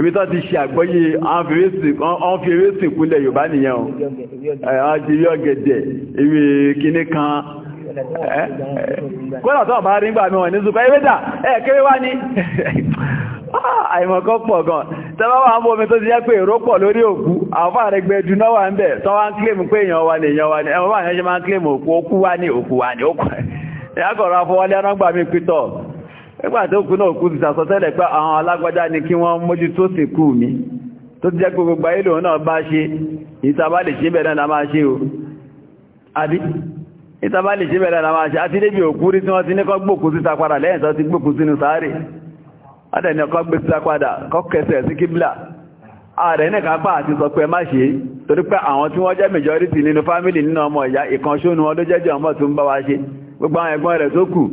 ibi tó ti ṣe àgbọ́yé àwọn fi eré sìnkú Yorùbá nìyẹn o àwọn ti rí ọ̀gẹ̀dẹ̀ ewé kìíní kan kódà tó bá rí gbà mí wọn ní ṣùgbọ́n ewé ẹ kéré wá ní ah, àìmọ̀kọ́ pọ̀ gan tẹ́lá wà ń bọ́ omi tó ti jẹ́ pé èrò pọ̀ lórí òkú àwọn àrẹgbẹ́ dúná wà ń bẹ̀ wá ń kílèmù pé èèyàn wà ní èèyàn wà ní ẹwọ́n wà ní ẹjẹ́ máa ń kílèmù òkú ní òkú wà ní òkú pítọ̀ ẹgbà tó kú náà kú ti sàsọtẹ́lẹ̀ pé àwọn alágbádá ni kí wọ́n mójú tó sì kú mi tó ti jẹ́ gbogbo ayélò náà bá ṣe ìtàbá lè ṣe náà máa ṣe o àbí ìtàbá lè ṣe bẹ̀rẹ̀ náà máa ṣe àti níbi òkú rí tí wọ́n ti ní kọ́ gbòkú síta padà lẹ́yìn tó ti gbòkú sínú sáré adẹ̀ni ọkọ̀ gbé síta padà majority nínú fámílì nínú ọmọ ìyá ni wọ́n ló jẹ́jẹ́ ọmọ tó ń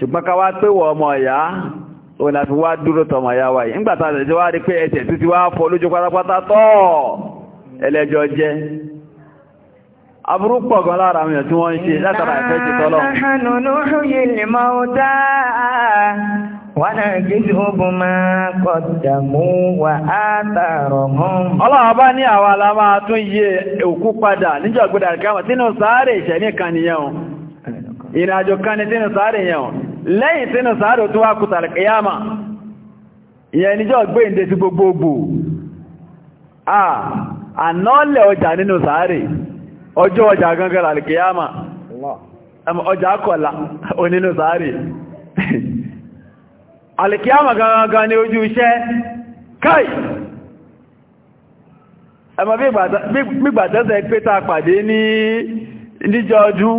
ṣùgbọ́n ká wá pé wọ ọmọ ìyá òun láti wá dúró tọmọ ìyá wa yìí nígbàtà wá rí pé ẹsẹ̀ títí wá fọ lójú pátápátá tọ́ ẹlẹ́jọ jẹ́ aburú gan lára àwọn èèyàn tí wọ́n ń ṣe látara ìfẹ́ ti ọlọ́wọ́ bá ní àwọn tún yí òkú padà a tínú ìṣẹ̀ ní kan ìrìnàjò kan ní tínú lẹ́yìn sínú sàárò tó wá kùtà alkiyama ìyẹn níjọ́ gbé ìdé sí gbogbogbò àà ànọ́lẹ̀ ọjà nínú sàárè ọjọ́ ọjà gangan alkiyama ọjà kọ̀lá onínú sàárè alkiyama gangan ni ojú iṣẹ́ káì ẹmọ bí gbàtẹ́sẹ̀ pé ta pàdé ní níjọ́ ọdún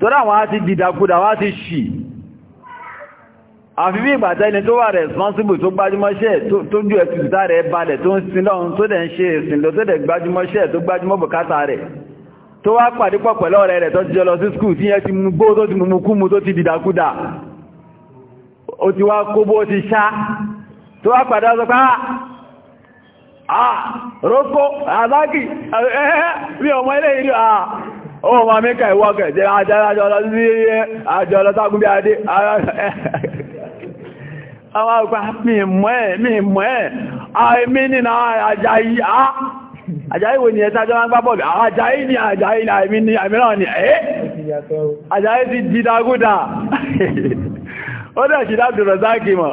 tọ́rọ àwọn àti dìdàkudà wá ti ṣì àfi bí ìgbàtà ẹni tó wà responsible tó gbájúmọ́ṣẹ́ tó jù ẹ̀tù ìta rẹ̀ balẹ̀ tó ń sin lọ́run tó dẹ̀ ń ṣe ìsìn lọ tó dẹ̀ gbájúmọ́ṣẹ́ tó gbájúmọ́ bùkátà rẹ̀ tó wá pàdé pọ̀ pẹ̀lú ọ̀rẹ́ rẹ̀ tó ti jọ lọ sí skúù tí yẹn ti mú ah, ah, roko azaki ẹ̀ẹ́ eh, eh, eh, mi ọmọ ilé ó ma mẹ́kà ìwọ́kẹ̀ jẹ́ ajọ́lọ́jọ́lọ́ sí ajọ́lọ́ságún bí adé àwọn àpá mímọ̀ ẹ̀ mímọ̀ ẹ̀ àìmí nínú àjàyí á àjàyí wo ni ẹ̀ sájọ́ máa ń gbábọ̀lù àjàyí ni àjàyí ni àìmí ni àìmíràn ni ẹ́ àjàyí ti dìdagúdà ó dẹ̀ ṣìdá dùrọ̀sáàkì mọ̀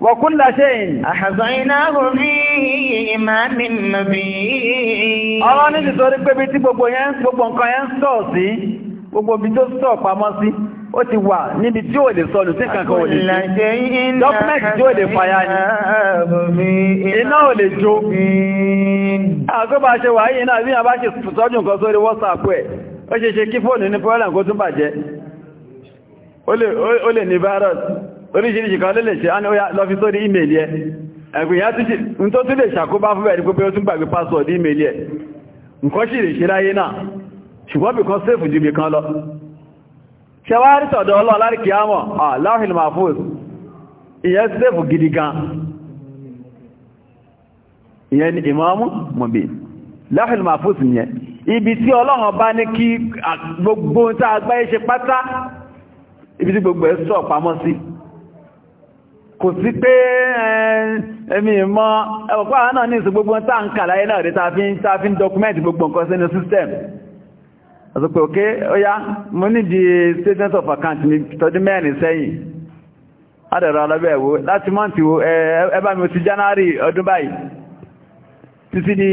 وكل شيء أحصيناه في إمام مبين ọ̀rọ̀ ní ìtorí pé bí tí gbogbo yẹn gbogbo nǹkan yẹn sọ sọ ó ti wà níbi tí ó lè sọnù tí kankan ò lè sí dọ́kúmẹ́ntì tí ó lè fàyà ní iná ò lè jó àkóbá ṣe wà yìí náà bí a bá ṣe WhatsApp ẹ̀ ó ṣe ṣe kí fóònù ní oríṣìíríṣìí kan lélè ṣe á ní ó yá lọ fi sórí ìmèlì ẹ ẹgbìyàn tí tó tún lè ṣàkóbá fún ẹ̀rí pé ó tún gbàgbé pásọ̀dì ìmèlì ẹ nǹkan sì lè ṣe láyé náà ṣùgbọ́n bí kan sèfù ju bí kan lọ gidi gan ìyẹn ni ìmọ̀ọ́mú mọ̀bí láhìl mahfuz nìyẹn ibi tí ọlọ́run bá ní kí gbogbo tá a gbáyé ṣe pátá ibi tí gbogbo ẹ̀ sọ pamọ́ sí kò sí pé ẹ̀mí eh, ìmọ̀ ẹ̀wọ̀pá àwọn náà ní ìsìn gbogbo tá ń kà láyé náà rí ta fi ń dọkumẹ́ntì gbogbo nǹkan sínú system àtúpẹ̀ òkè óyá mo nídi statement of account ní tọdún mẹ́rin sẹ́yìn adẹ̀rọ alábẹ́ ẹ̀wò láti mọ́ǹtì wo ẹbá mi ti January ọdún báyìí títí di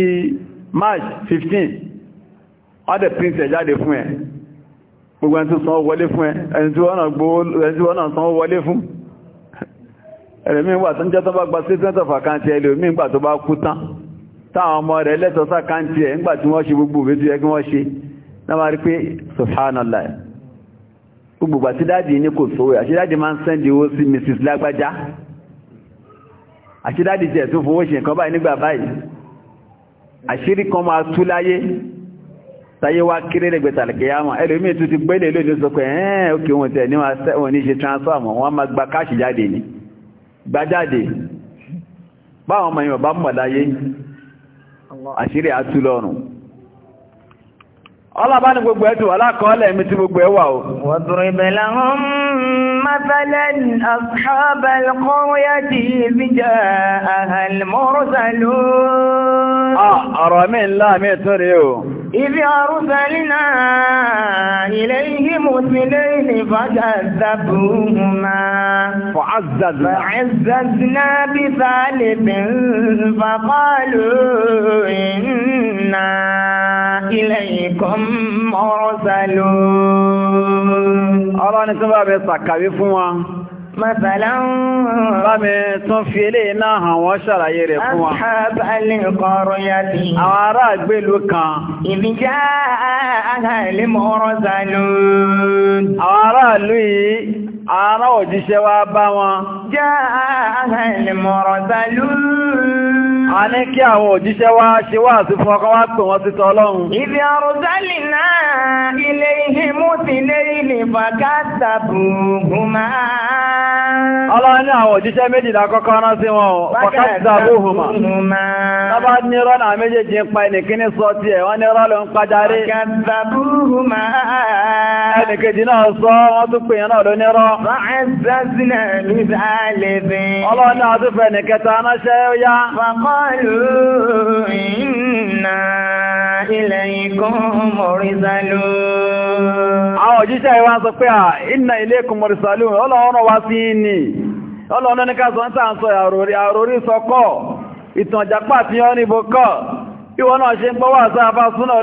March 15 ọdẹ̀ print ẹ̀ jáde fún ẹ gbogbo ẹni tó sanwó wọlé fún ẹ ẹni tí wọ́n náà sanwó wọlé fún ẹ ẹ̀rẹ̀mí wà tó ń jẹ́ tó bá gba statement of account ẹlòmí ìgbà tó bá kú tán táwọn ọmọ rẹ̀ lẹ́tọ̀ọ́sá káńtì ẹ̀ ńgbà tí wọ́n ṣe gbogbo òwe tó yẹ kí wọ́n wá rí pé subhanallah gbogbo mrs lágbájá àṣẹ dáàdì tiẹ̀ tó fowó ṣe nǹkan báyìí nígbà báyìí àṣírí kan máa tú láyé táyé wá kéré lẹ́gbẹ̀ẹ́ tàlẹ̀kẹ́yàmọ̀ ẹlòmíì tún ti gbélé lónìí sọ pé ẹ̀ẹ́n òkè òun tẹ̀ ní wọn ní ṣe transfer mọ́ wọn gba káàṣì jáde ni gbájáde báwọn ọmọ ìwọ̀n bá mọ̀ láyé àṣírí àtúlọ́rùn ọlọ́bá ní gbogbo ẹ̀tù alákọọ́lẹ̀ mi tí gbogbo ẹwà o وَاضْرِبْ لَهُم ah, rí o إذ أرسلنا إليهم اثنين فكذبوهما فعززنا فعززنا بثالث فقالوا إنا إليكم مرسلون أراني سبب يسكى بفوا Bámi tún fi ilé iná hàn wọ́n ṣàlàyé rẹ̀ fún wa. Àbálẹ̀ kọrọ ya ti. Àwọn ará àgbélú kan. Ìbíjá àhàlẹ̀ mọ́rọ̀ zàlú. Àwọn ará ìlú yìí, ará òjíṣẹ́ wa bá wọn. Já àhàlẹ̀ mọ́rọ̀ zàlú a ní kí àwọn òjíṣẹ́ wá ṣe wá sí fún ọkọ̀ wá pè wọ́n sí tọ́lọ́run. Ibi àrùsálì náà ilé ihe mú ti lé ilé fàkátà bùgùn máa. Ọlọ́run ní àwọn òjíṣẹ́ méjìlá kọ́kọ́ rán sí wọn fàkátà bùgùn máa. Tábà ní rọ́nà méjèèjì ń pa ẹnìkíní sọ ti ẹ̀ wọ́n ní rọ́lọ́ ń pàjáre. Fàkátà bùgùn máa. Ẹnìkejì náà sọ wọ́n قالوا إنا إليكم مرسلون àwọn òjíṣẹ́ ìwá sọ pé à inna ilaykum mursalun ọlọ́run wá sí ní ọlọ́run ní ká sọ ń tàà àròrí àròrí sọkọ́ tí ó níbo kọ́ ìwọ́n náà ṣe ń gbọ́wà sáfà súnà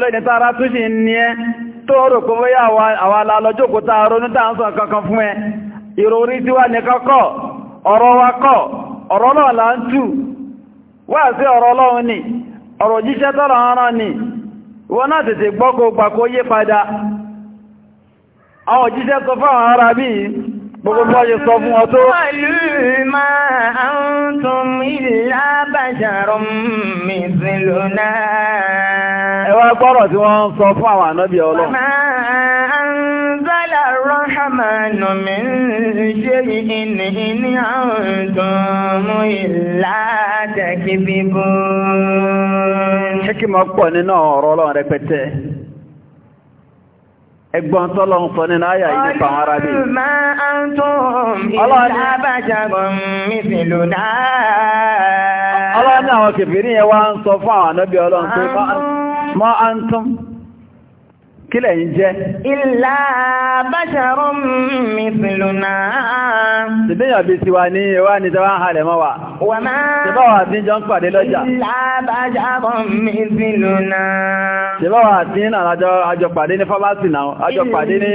wáàsí ọ̀rọ̀ ọlọ́run ni ọ̀rọ̀ jíṣẹ́ tọ́rọ ọ̀rán ni wọ́n náà tètè gbọ́kò pàkó yé padà àwọn jíṣẹ́ sọ fáwọn ará bí gbogbo bí yẹ sọ fún ọtó ẹwà gbọ́rọ̀ tí wọ́n sọ fún àwọn ànábì ọlọ́run الرحمن من شيء إن أنتم إلا تكذبون حكمة قوانين أورولا na Ẹgbọ́n tọ́lọ ń sọ nínú àyà yìí nípa bí. Ọlọ́run àwọn yẹn wá ń sọ fún àwọn Ọlọ́run kílẹ̀ yìí jẹ́. Ìlà báṣàrọ̀ mi fìlù náà. Ṣèbíyàn bí ti wà ní ẹwà ní tẹwà ń halẹ̀ mọ́ wa. Wà máa. Ṣèbá wà tí ń jọ ń pàdé lọ́jà. Ìlà báṣàrọ̀ mi fìlù náà. Ṣèbá wà tí ń nàrà àjọ pàdé ní fámásì náà, àjọ pàdé ní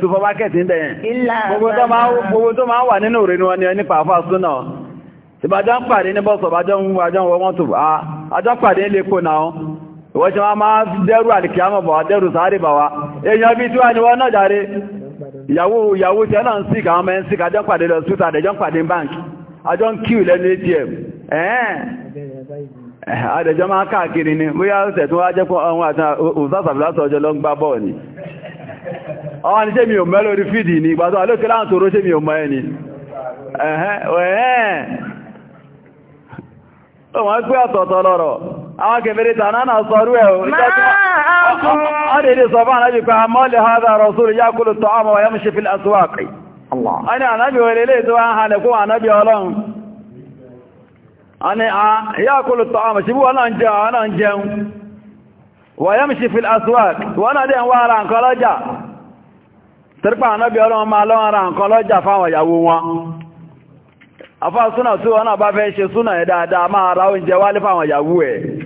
supermarketi ń bẹ̀yẹn. Ìlà báṣàrọ̀. Gbogbo tó máa wà ń pàdé ní bọ́sọ̀ ìwọ́n tí wọ́n máa dẹ́rù àlìkìyàmọ̀ bọ̀ dẹ́rù sáré bà wá èèyàn bí tí wà ní wọ́n náà jàre ìyàwó ìyàwó tí ẹ̀nà ń sí ìkà ọmọ ẹ̀ ń sí ìkà jọ́pàdé lọ sútà àdẹjọ́ pàdé báńkì àjọ ń kíù lẹ́nu ATM àdẹjọ́ máa káàkiri ni bóyá ó tẹ̀tún wá jẹ́kọ́ ọ̀hún àti òsásàfìlásọ̀ ọjọ́ lọ ń ni ọwọ́ ni ṣé mi ò mọ̀ lórí fídì ni ìgbà tó ọ̀tọ̀ọ̀tọ̀ lọ́rọ̀ àwọn kèfèrè na náà o a mọ́lẹ̀ hádà rọ̀súrù yá kúrò ya kulu wà yẹ́mù ṣe fi àtúwàkì ọni ànábì wèrè lè tó wọ́n hànà kó ànábì anabi yá Ọ na ya kulu bí wọ́n náà jẹun wọ́n náà jẹun wà yẹ́mù ṣe na wọn afá súnà tí wọ́n náà ra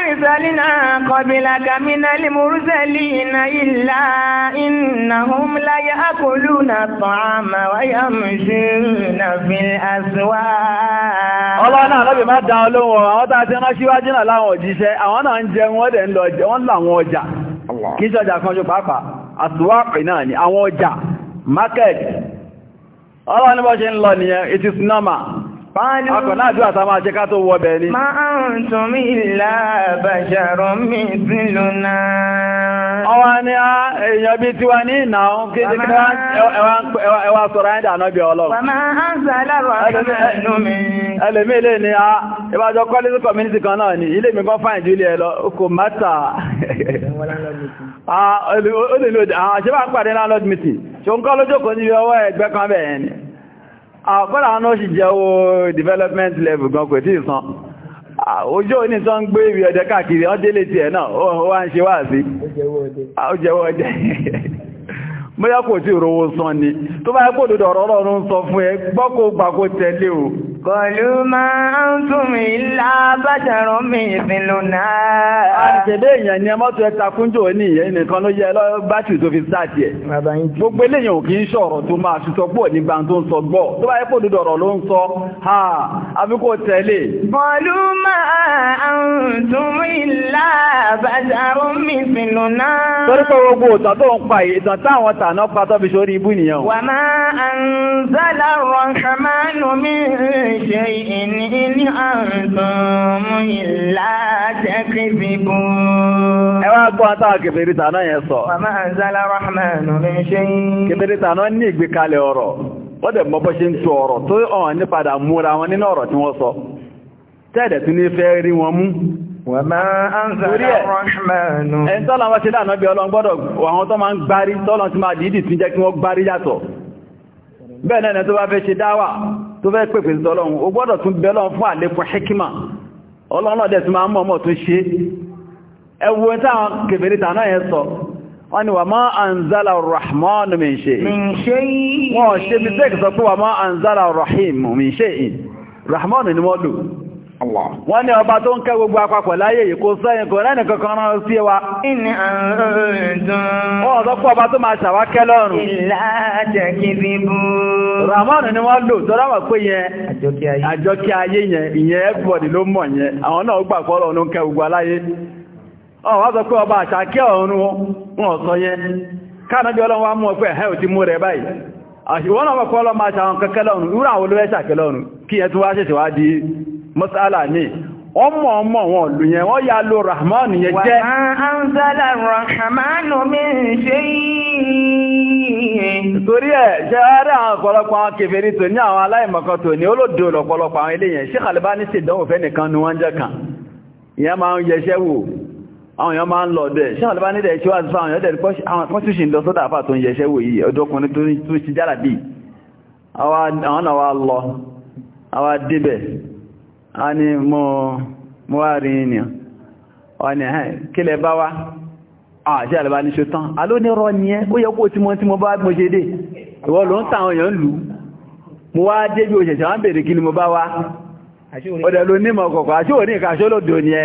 أرسلنا قبلك من المرسلين إلا إنهم ليأكلون الطعام ويمشون في الأسواق Ọlọ́run náà lọ́bì máa dán olóhùn ọ̀rọ̀ àwọn tàà ti rán síwájú náà láwọn òjíṣẹ́, àwọn náà ń jẹun wọ́n dẹ̀ ń lọ wọ́n láwọn ọjà. Kí kan ṣe pàápàá, àtúwàpì náà ni Akọ̀lá àdúrà tá máa jẹ́ ká tó wọ bẹ̀ ni. Máa ń tún mí ìlà bàṣàrọ̀ sí lónà. Ọwá ni a èèyàn bí tí wá ní ìnà òun kí ní kí ẹwà sọ̀rọ̀ ẹ̀dà náà bí ọlọ́run. Màá ń sàlárọ̀ àdúrà mi. Ẹlẹ́mí ilé ni a ìbájọ́ kọ́lé sí community kan náà ni ilé mi kan fáìn jù ilé ẹ lọ, kò mátà. Ó lè lòdì, àwọn àṣẹ́bà ń pàdé landlord kọ́ àkọ́lá ah, àwọn náà sì jẹ́ development level gan kò tí ah, ojú òní ń gbé ibi ọdẹ káàkiri wọ́n délé ti ẹ̀ náà ó wá ń ṣe wá sí ojẹ́wọ́ ọdẹ mọ́yá ah, kò tí ìrówó ni tó bá ẹ́kò kò fún ẹ Kọlu máa ń tún mi lá bàtàrán mi ìfìnlò náà. Àjẹ̀dé èèyàn ni ẹmọ́ tó ẹ takúnjò ní ìyẹn nìkan ló yẹ bátìrì tó fi sáàtì ẹ̀. Gbogbo eléyìn ò kì í ṣọ̀rọ̀ tó máa ṣùtọ́ pọ̀ nígbà tó ń sọ gbọ́. Tó bá yẹ kó dúdọ̀ ló ń sọ, ha, àfi kó tẹ̀lé. Kọlu máa ń tún mi lá bàtàrán mi ìfìnlò náà. Torí pa ìtàn táwọn tàná pa tó fi ṣorí ibú nìyẹn. شيء إن أنتم إلا تكذبون ẹ wá gbọ́ àtàwọn tàná yẹn sọ. Màmá Àzálà Rahman mi ṣe yí. Kèfèrè tàná ní ìgbékalẹ̀ ọ̀rọ̀, wọ́n dẹ̀ mọ́ ṣe ń tu ọ̀rọ̀ tó ọ̀hàn nípadà múra wọn nínú ọ̀rọ̀ tí wọ́n sọ. Tẹ́ẹ̀dẹ̀ tún ní fẹ́ rí wọn mú. Wàmá Àzálà Rahman. Ẹni tọ́lọ́ wọn ṣe dáná bẹ́ẹ̀ náà tó bá fẹ́ ṣe dáwà tó fẹ́ pèpè sọ́lọ́run O gbọ́dọ̀ tún bẹ Ọlọ́run fún àlékún hikima Ọlọ́run náà dẹ̀ tún máa mọ̀mọ̀ tó ṣe ẹwọ táwọn kèfèrí tàná yẹn sọ wọ́n ni wà má anzala rahman min shay wọ́n ṣe mistake sọ pé wà má anzala rahim min shay rahman ni mọ́lù wọ́n ní ọba tó ń kẹ́ gbogbo àpapọ̀ láyé ìkó kò sọ ẹ̀kọ́ rẹ̀ rán sí wa. ìní àrùn ọ̀dọ́pọ̀ ọba tó máa ṣàwákẹ́ lọ́rùn. ìlàjẹ̀kìdìbò. ni wọ́n lò tọ́rọ wà pé yẹn àjọkí ayé yẹn ìyẹn everybody ló mọ̀ yẹn àwọn náà gbà pọ́lọ̀ kẹ́ ọba mọ́sálà ní ọmọ ọmọ wọn lù yẹn wọ́n yá lo rahman yẹn jẹ́ torí ẹ̀ ṣe ààrẹ àwọn ọ̀pọ̀lọpọ̀ àwọn kèfèrí tó ní àwọn aláìmọ̀kan tó ní olóòdó ọ̀pọ̀lọpọ̀ àwọn ilé yẹn Sheikh Albani sí ìdánwò fẹ́ nìkan ni wọ́n jẹ́ kan ìyẹn máa ń yẹṣẹ́ wò àwọn èèyàn máa ń lọ ọ̀dẹ̀ ṣe àwọn ìbánidẹ̀ ìṣẹ́ wà fún àwọn ìyọ́dẹ̀ àwọn kọ́sùsì ń a ní mọ́ wá rí ní ọ̀nà ẹ̀ kílẹ̀ bá wá àti àlàbà ní ṣetán alónírọ̀ ní ẹ́ ó yẹ kó tí mọ́ tí mo bá mọ́ ṣe dé ìwọ ló ń tàwọn èèyàn lù mo wá dé bí òṣèṣẹ́ wọ́n bèèrè kí ni mo bá wá ọ̀dẹ̀ ló do mọ̀ kọ̀kọ̀ àṣíwò ní ìkàṣọ́lọ́dọ̀ ní ẹ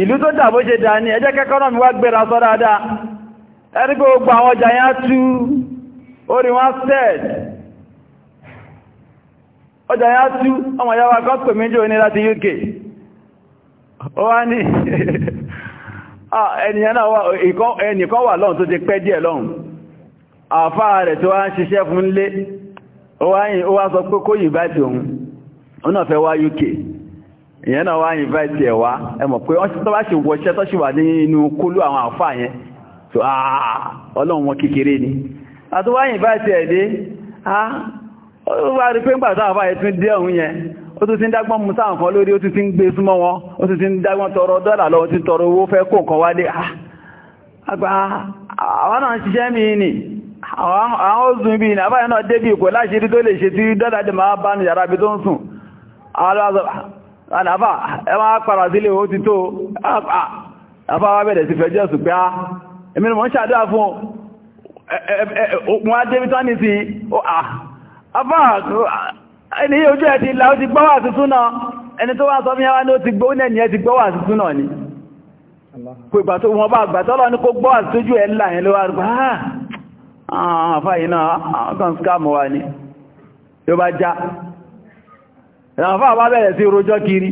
ìlú tó dàbó ṣe dà ní ẹjẹ́ kẹ́kọ́rọ̀ mi wá gbéra sọ dáadáa ẹ̀rígbò gbogbo àwọn ọjà yá tú orí wọn sẹ́ẹ̀d ọjà yá tú ọmọ wa kan pè láti UK ó wá ní ah, ẹnìkan wà lọ́n tó ti pẹ́ díẹ̀ lọ́n rẹ̀ sọ pé kó yìí bá ti òun UK ìyẹn náà wá invite ẹ̀ wá ẹ mọ̀ pé wọ́n tó bá ṣe wọṣẹ́ tó ṣe wà nínú kólú àwọn àfáà yẹn tó àà ah, ah, ah, ọlọ́run kékeré ni àti wá invite ẹ̀ dé ó wá rí pé ń tún dé ọ̀hún yẹn ó tún ti ń dágbọ́n mú sáà lórí ó tún ti ń gbé súnmọ́ tọrọ dọ́là lọ́wọ́ tọrọ owó àdàbà ẹ máa pàrà sílé ó ti tó àbá wá bẹ̀rẹ̀ sí fẹjọ́ sùn pé á ah, èmi mọ̀ ń ṣàdúrà fún òkun adébítọ́ ní sí àbá ẹni ojú ẹ̀ ti là ó ti gbọ́wà tuntun náà ẹni tó wá sọ fí ẹwà ní ó ti gbọ́ ní ẹni ẹ ti gbọ́wà tuntun náà ni kò ìgbà tó wọn bá àgbà tọ́lọ ní kó gbọ́wà tójú ẹ̀ ńlá ẹ̀ lówà rúgbà ah, àà fáyìí náà kan skáàmù wa ni yóò bá já ìrànfà bá bẹ̀rẹ̀ sí rojọ́ kiri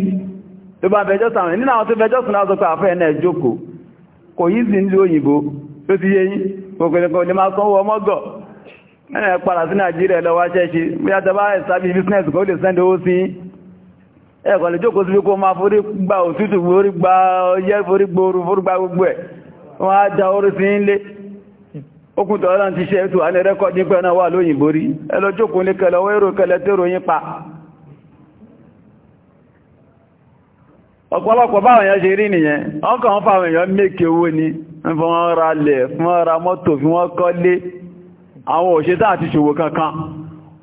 tó bá bẹjọ́ sàmì nínú àwọn tó bẹjọ́ sùn láti pé àfẹ́ ẹ̀nà ìjókò kò yí sí nílò òyìnbó tó ti yé yí kòkòrò ní máa sanwó ọmọ́gọ̀ ẹ̀nà ẹ̀pàdà sí nàìjíríà lọ wá ṣẹ́ṣe bí a tẹbá ìsábí bísínẹ̀sì kò lè sẹ́ndẹ̀ owó sí ẹ̀kọ̀ lè jókòó síbí kó máa forí gba òtútù forí gba ọyẹ́ forí gbooru forí gba gbogbo ẹ̀ wọ́n á já orí sí ilé okùn tọ́lá ti ṣe ọ̀pọ̀lọpọ̀ báwọn èèyàn ṣe rí nìyẹn wọ́n kàn ń fáwọn èèyàn mékè owó ni fún wọn ra lẹ̀ fún wọn ra mọ́tò fún wọn kọ́lé àwọn òṣètà àti ṣòwò kankan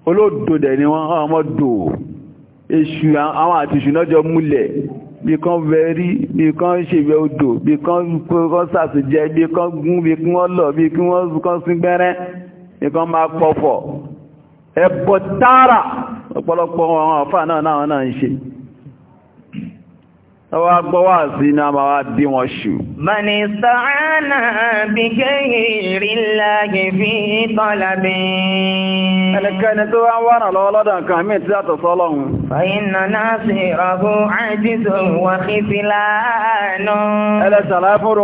olóòdòdẹ̀ ni wọ́n ọmọ dò èṣù àwọn àti ìṣúná jọ múlẹ̀ bí kan vẹ́rí bí kan ṣèwẹ́ odò bí kan sàtìjẹ bí kan gún bí kí wọ́n lọ bí kí wọ́n kan sí gbẹ́rẹ́ bí kan máa pọ̀fọ̀ ẹ̀bọ̀ tààrà ọ̀pọ̀lọpọ̀ àwọn àfà náà náà náà ń ṣe Ọwọ́ agbọ́wà sí ní a máa wá dí wọn ṣù. Bani sa'ana bí kéèrè láàgì fi tọ́lábí. Ẹnikẹ́ni tó wá wọ́nà lọ́wọ́lọ́dọ̀ kan mí tí àtọ̀ sọ́lọ́hun. Fàyínà náà sì rọ̀bù àjíṣò wà kí fi láàánú. Ẹlẹ́sàlá fúnrú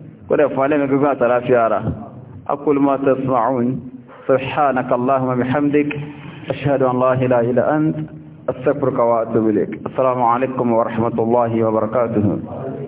kódẹ̀ fún alẹ́mì gígùn àtàláfíà ara aqulu ma tasma'un subhanaka allahumma bihamdik ashhadu an la ilaha illa ant astaghfiruka wa atubu ilaik assalamu alaikum wa rahmatullahi wa barakatuh